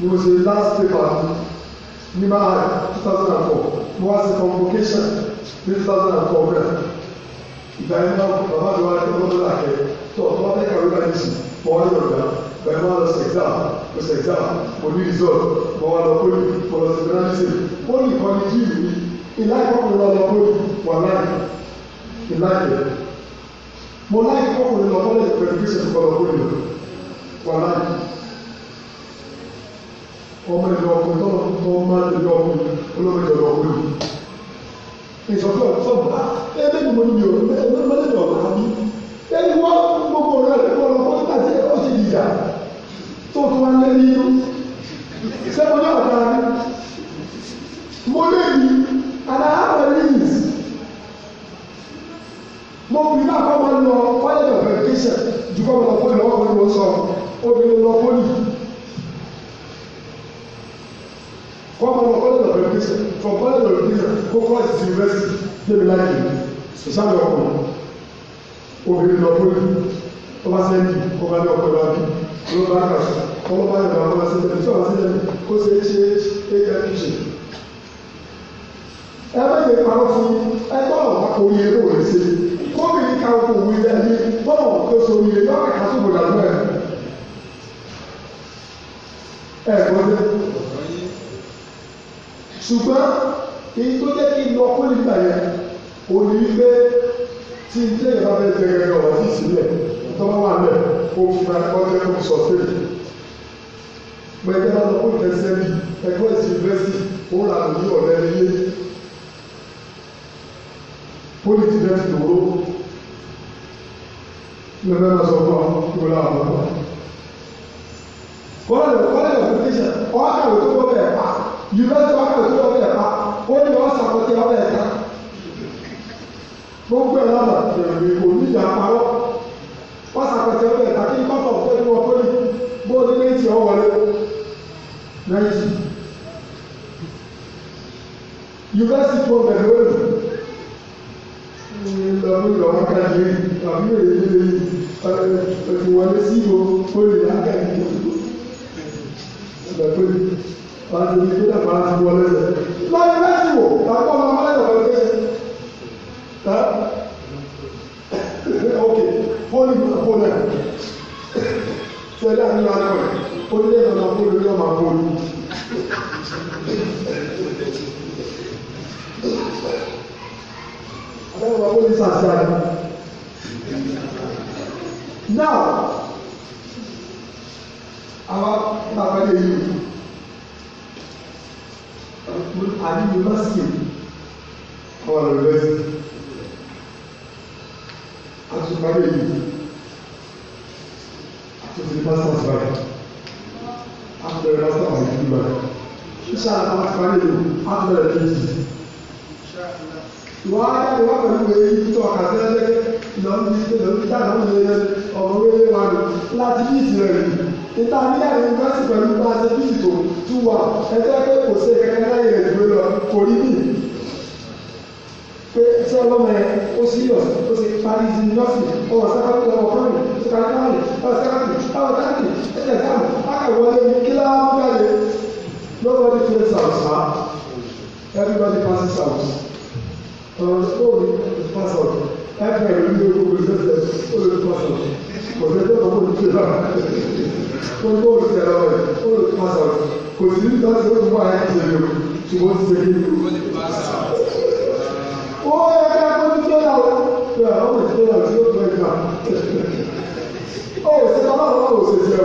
Was the last paper Nima, ní máa two thousand convocation 2004? Then thousand and four rẹ̀ ìgbà yẹn náà bàbá mi wá ní ọdún làkẹ́ tó ọ̀tún wọn fẹ́ kàwé báyìí exam mo sí exam mo ní result mo wá lọ pé mo lọ sí penalty ó ní ìkọ́ ní jíìlì mi ìlà ìkọ́kùnrin lọ lọ pé wà láì ìlà ìkẹ́ mo láì ìkọ́kùnrin lọ mọ́lẹ̀ ìpẹ̀lú kí ṣe kọ́ lọ pé wà láì ọmọ ìlú ọkùnrin tó ń tó máa ń lọ ọkùnrin olómi ìlú ọkùnrin ìsọfún ọ̀tọ̀ bá ẹgbẹ́ ìgbìmọ̀ níbi òru ẹgbẹ́ mẹ́lẹ́dì ọ̀gá mi ẹni wọ́n gbogbo rẹ̀ lọ́wọ́ lọ́wọ́ nígbà tí ó ti dìjà tó tún wá lé ní inú sẹ́kọ̀ọ́ náà bá mi mo lé ní aláàbẹ̀ lẹ́yìn mo fi náà kọ́ máa lọ kọ́lẹ́dì ọ̀fẹ́ fíṣẹ̀ ju kọ́ máa lọ fóònù ọkùnrin mo sọ obìnrin lọ fóònù wọ́n kọ́ from all the education from college of education kó cross the university débi láyé sọ́sàbí ọkọ̀ obìnrin lọ bóyá ó bá sẹ́yìn ó bá ní ọkọ̀ ìlú àbí ló bá kà sí ọmọ bá yàrá ọmọ sí ẹni tí ọmọ sí ẹni kó ṣe ṣe am ṣe. ẹ bá yẹ parọ́ fún ẹ gbọ́dọ̀ wá orí ẹ ló rẹ̀ ṣe kóbi ní káwọn kò wí lẹ́ni bọ́ọ̀ tó so orí ẹ lọ́kàkà sóbò làdúrà ẹ̀ ẹ̀ kọ́ni ṣùgbọ́n èyí tó jẹ́ kí n lọ kó nígbà yẹn ò ní wípé tí n jẹ́ ìbá bẹ́ẹ̀ jẹ́ gẹ́gẹ́ ọ̀rọ̀ sí sílẹ̀ tọ́wọ́ wà lẹ̀ kó fi máa kọ́ jẹ́ kó sọ pé pẹ̀lú àwọn ọkọ̀ ìfẹsẹ̀ bí ẹgbẹ́ ìsìn bẹ́sì ó rà ní ọ̀rẹ́ ilé pólítì náà ti dòwó lẹ́gbẹ́ náà sọ fún àwọn ìwé àwọn ọ̀rọ̀. kọ́lẹ̀ kọ́lẹ̀ ọ̀pẹ̀tẹ̀ṣẹ̀ ọ̀kàwé tó kọ́lẹ̀ yunifásitì wa kò tó lọ bẹ́ẹ̀ pa ó ní wọn sàkóso lọ bẹ́ẹ̀ ta gbogbo ẹ̀ lọ́nà ìrìn oníjà parọ́ wọn sàkóso lọ bẹ́ẹ̀ ta kí kọ́tọ̀ tó ní wọn fóyì bóyá ní ti ọwọ́ lé lẹ́yìn yunifásitì wo bẹ̀rẹ̀ lórí ìlànà ìlànà kan yìí àbí èyí lè wọlé sí ìwò olè lákàtúntò láti ibi tó dẹ̀kọ́ láti wọ lẹ́sẹ̀. lọ́yìn bẹ́sì wò lápò ọmọ ọmọlẹ́yìn ọ̀rọ̀ lẹ́sẹ̀. ok fóònù fóònù ẹ̀ sẹ́lẹ̀ àti ìlànà rẹ̀ ó ní ẹ̀rọ fóònù yóò máa fóònù. Àwọn ọmọ ní sàṣà rẹ̀. Now, àwọn bàbá lè yí passa, passa passa vai a a a a sua sua sua família, filha filha, àbí yunifásitì ọwọ́ lọ yunifásitì àtúntàrí èyí àtúntàrí pásítọ̀ àtúntàrí àtúntàrí vai àtúntàrí sísá àtúntàrí èyí àtúntàrí kejì wà á yàgò wà pẹ̀lú èyí tó ọ̀kà tẹ́lẹ̀ lọ́nà ìdílé lọ́nà ìdílé ọ̀rọ̀ wẹ́lẹ́ wà láti ní ìtìlẹ̀ rẹ̀ níta níyàwó ní káàsì pẹ̀lú bá a ṣe bí ìtò tú wà ẹgbẹ́ pé kò ṣe kẹ́kẹ́ láyé rẹ̀ dúró lọ kò bì pé tí ọlọ́mọ ẹ ó sí yọ̀ ó sì parí sí nọ́ọ̀sì ọwọ́ sákàtì ọwọ́ fáàmì sọkàtì ọwọ́ sákàtì ọwọ́ sákàtì ẹ̀jẹ̀ sáàmù akàwọlé ní kíláàmù káyé nobody plays house ma everybody passes out. ọ̀rọ̀ tó o pass out ẹ̀fẹ̀ ìlú gbogbo sẹ̀sẹ̀ olùkọ́sọ̀ kò sẹ́jọ́ kan kò tún lọ kó tó òṣìṣẹ́ lọ rẹ̀ olùkọ́sọ̀ kò sí ní tọ́sí ó fún ààrẹ ti lò tí wọ́n ti ṣe kí lò. ó yẹ ká kó tún tó yà ó pé àwọn òṣìṣẹ́ yà tí ó fẹ́ gbà. ó ṣe bá wọn lọ́wọ́ òṣìṣẹ́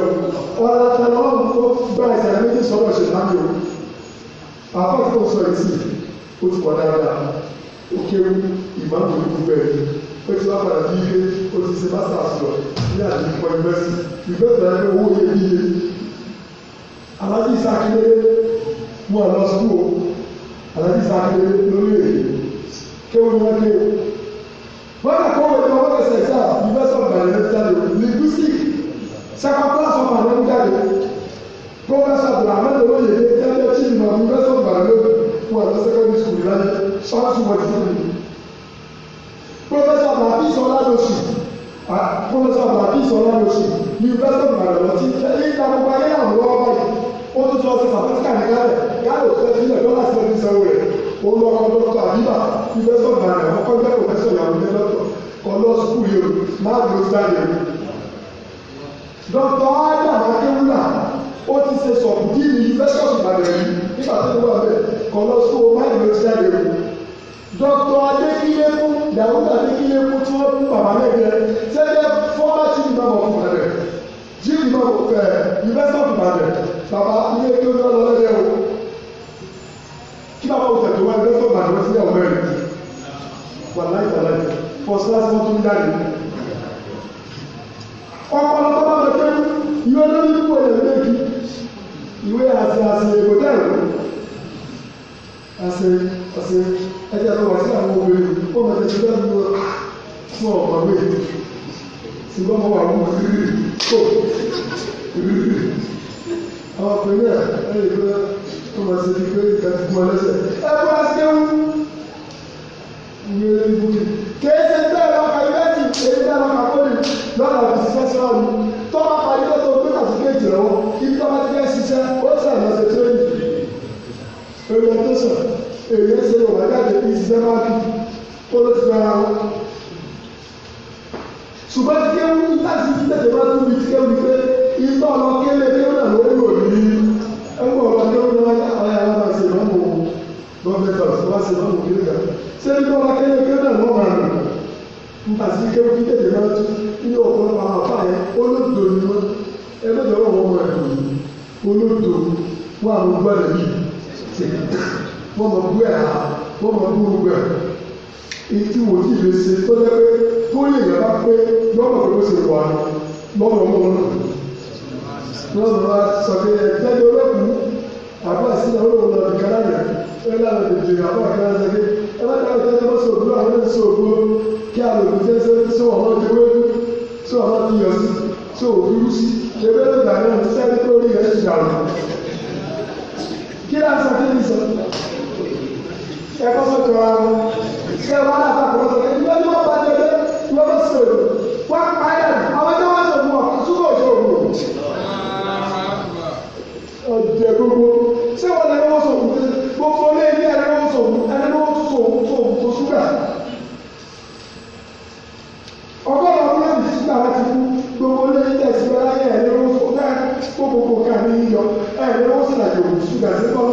o ọ̀rọ̀ àti ọ̀rọ̀ wọn tó gba ìṣẹ̀ méjì sọ̀rọ̀ ṣe láti o àbọ̀ tó sọ ìtì ó ti pọ̀ dáadáa ó kéwú ìmáàmù ìdúgbò ẹ̀ ṣe masters lọ ní àdìpọ̀ university ìgbésẹ̀ ẹgbẹ́ owó yẹ kí yẹ alájí ìsàkílẹ̀ mú àlọ́ sùkúù alájí ìsàkílẹ̀ lórí èyí kéwù ni wọ́n ké wọ́n kà kọ́wé tí wọ́n tẹ̀sẹ̀ sá ìgbésẹ̀ ọ̀gbàlẹ̀ jáde linguistic second class of àlọ́ jáde professor abdulhamid olóyè jáde chief imam ìgbésẹ̀ ọ̀gbàlẹ̀ fún àlọ́ secondary school ìlànà sọ́ọ́sì wọ́n ti fún mi professor abdulhamid sọ́lá lọ́sùn pọ́lọ́sì ọ̀dà àti ìsọ̀rọ̀ lọ́sì ní yunifásitì ìbàdàn lọ ti fẹ́ ní ìdàgbọ́gbọ́ ayé àwọn lọ́wọ́ báyìí ó tún ti ọ̀sẹ̀ sàpẹ́tìkà ní gálẹ̀ gálẹ̀ òṣèlú sílẹ̀ dọ́là sílẹ̀ ní sanwó rẹ̀ òun lọ ọkọ̀ dọ́kítọ̀ àbíbà yunifásitì ìbàdàn ọkọ̀ ìgbà pòfẹ́sọ̀ ìyàwó ní lọ́tọ̀ ọlọ́ sukùl yòó máa ló sáré mi. dọ́kítọ̀ ájà mákẹ́wúlà ó ti ṣe sọ̀kùdí ní yunifásitì ìbàdàn yìí nígbà tó wà dr adékílékún ìyàwó adékílékún tí wọ́n fún bàbá lẹ́gbẹ̀ẹ́ sẹ́jẹ́ fọ́mà tí ìgbà bọ̀ fún rẹ̀ jí ìgbà bọ̀ fún ẹ̀ ìfẹ́sọ̀ fún bàbẹ̀ bàbá ilé tó ń lọ lẹ́yẹ o kí bàbá òtẹ̀ tó wá ìfẹ́sọ̀ bàbá sílẹ̀ ọ̀mẹ́rin wà láì wà láì fọ́sí láti wọ́n tún jáde ọ̀pọ̀lọpọ̀ bá bẹ̀ fẹ́ ìwé lórí ìwé àti àti èkó tẹ̀lé àṣẹ àṣẹ ẹjẹ ló wà sí àwọn obìnrin ó máa tẹ̀sí bẹ́ẹ̀ lọ fún ọ̀pọ̀ mi ṣùgbọ́n mo wà mú rírì tó rírì àwọn ọkùnrin náà ẹ lè fẹ́ ó máa ṣe bí pé ìtàkì kú ọlẹ́sẹ̀ ẹ bá a ṣéwú ìwé ìbú mi kìí ṣe bẹ́ẹ̀ lọ́kà ìbẹ́ẹ̀tì èyí bẹ́ẹ̀ lọ́kà kọ́lì lọ́kà òfìsí fẹ́sẹ̀ ọ̀hún tọ́ bá parí tó tó gbé tàbí kéjì lọ́wọ́ kí tọ́ bá ti fẹ́ èrè tẹsán èrè ẹsẹ yorùbá jáde bí ṣiṣẹ́ máa bí ó ló ti gbára wọn. ṣùgbọ́n tí kéwù láti fi tẹ̀sán máa tún bí tí kéwù pé iná ọlọ kéle kéwù náà ló ń lò ní ẹgbẹ́ ọlọ kéwù náà yá àwọn yàrá máa ṣe máa mú gọ́ọ̀mẹ̀tì ọ̀sán máa ṣe máa mú kéwù náà ṣé iná ọlọ kéle kéwù náà ló máa rìn nípa sí kéwù fi tẹ̀sán máa tún ní ọ̀pọ̀lọpọ̀ àwọn àpá yẹn olóòtú ni wọ́n ẹgbẹ́ ìjọba wọn mọ̀ ẹ̀ olóòtú wọn àwọn gbọ́dọ̀ yìí tèmi tán wọ́n mọ̀ bú ẹ̀ ha wọ́n mọ̀ bú gbogbo ẹ̀ etí wò sí ìlú ṣe tó jẹ́ pé tó lè yẹ bá pé lọ́nà tó ṣe wà lọ́nà mọ́ lọ́nà wa sọ pé ẹ̀jẹ̀ ni olókùn àbá sílẹ̀ olókùn lọ́nà kárá rẹ̀ ẹ̀ lọ́nà tètè àbá kárá rẹ̀ pé ẹ̀ bá kárá tẹ́tẹ́ bá sọ̀rọ̀ àwọn ẹ̀ sọ̀rọ̀ kí àlòkù tẹ́tẹ́ sọ ọ̀hún ti wé sọ ọ̀hún ti yọ sí sọ òfurufú sí ẹgbẹ́ lọ́gbà náà sẹ́ni tó rí kí ló sọ kí ni sọ ẹ kọ́ sọ jọra wọn ṣé wọn náà fà kọ́ sọ kí ni wọ́n bá jẹ pé wọ́n bá sọ èrò wọ́n pa ẹ̀ àwọn ẹni wọ́n sọ fún ọ súnmọ́ òjò òru ọ̀jẹ̀ gbogbo ṣé wọn náà wọ́n sọ fún mi gbogbo ilé ilé ẹni wọ́n sọ fún ẹni wọ́n sọ fún sọ fún sọ ṣúgà ọgọ́rùn-ún ọdún lẹ́yìn tí ṣúgà láti kú gbogbo ilé ilé ẹ̀sìn ọláyẹ̀ ẹ̀rọ gbogbo kan ní yíyọ ẹ̀rọ wọ́n sì làjò ṣúgà sí kọ́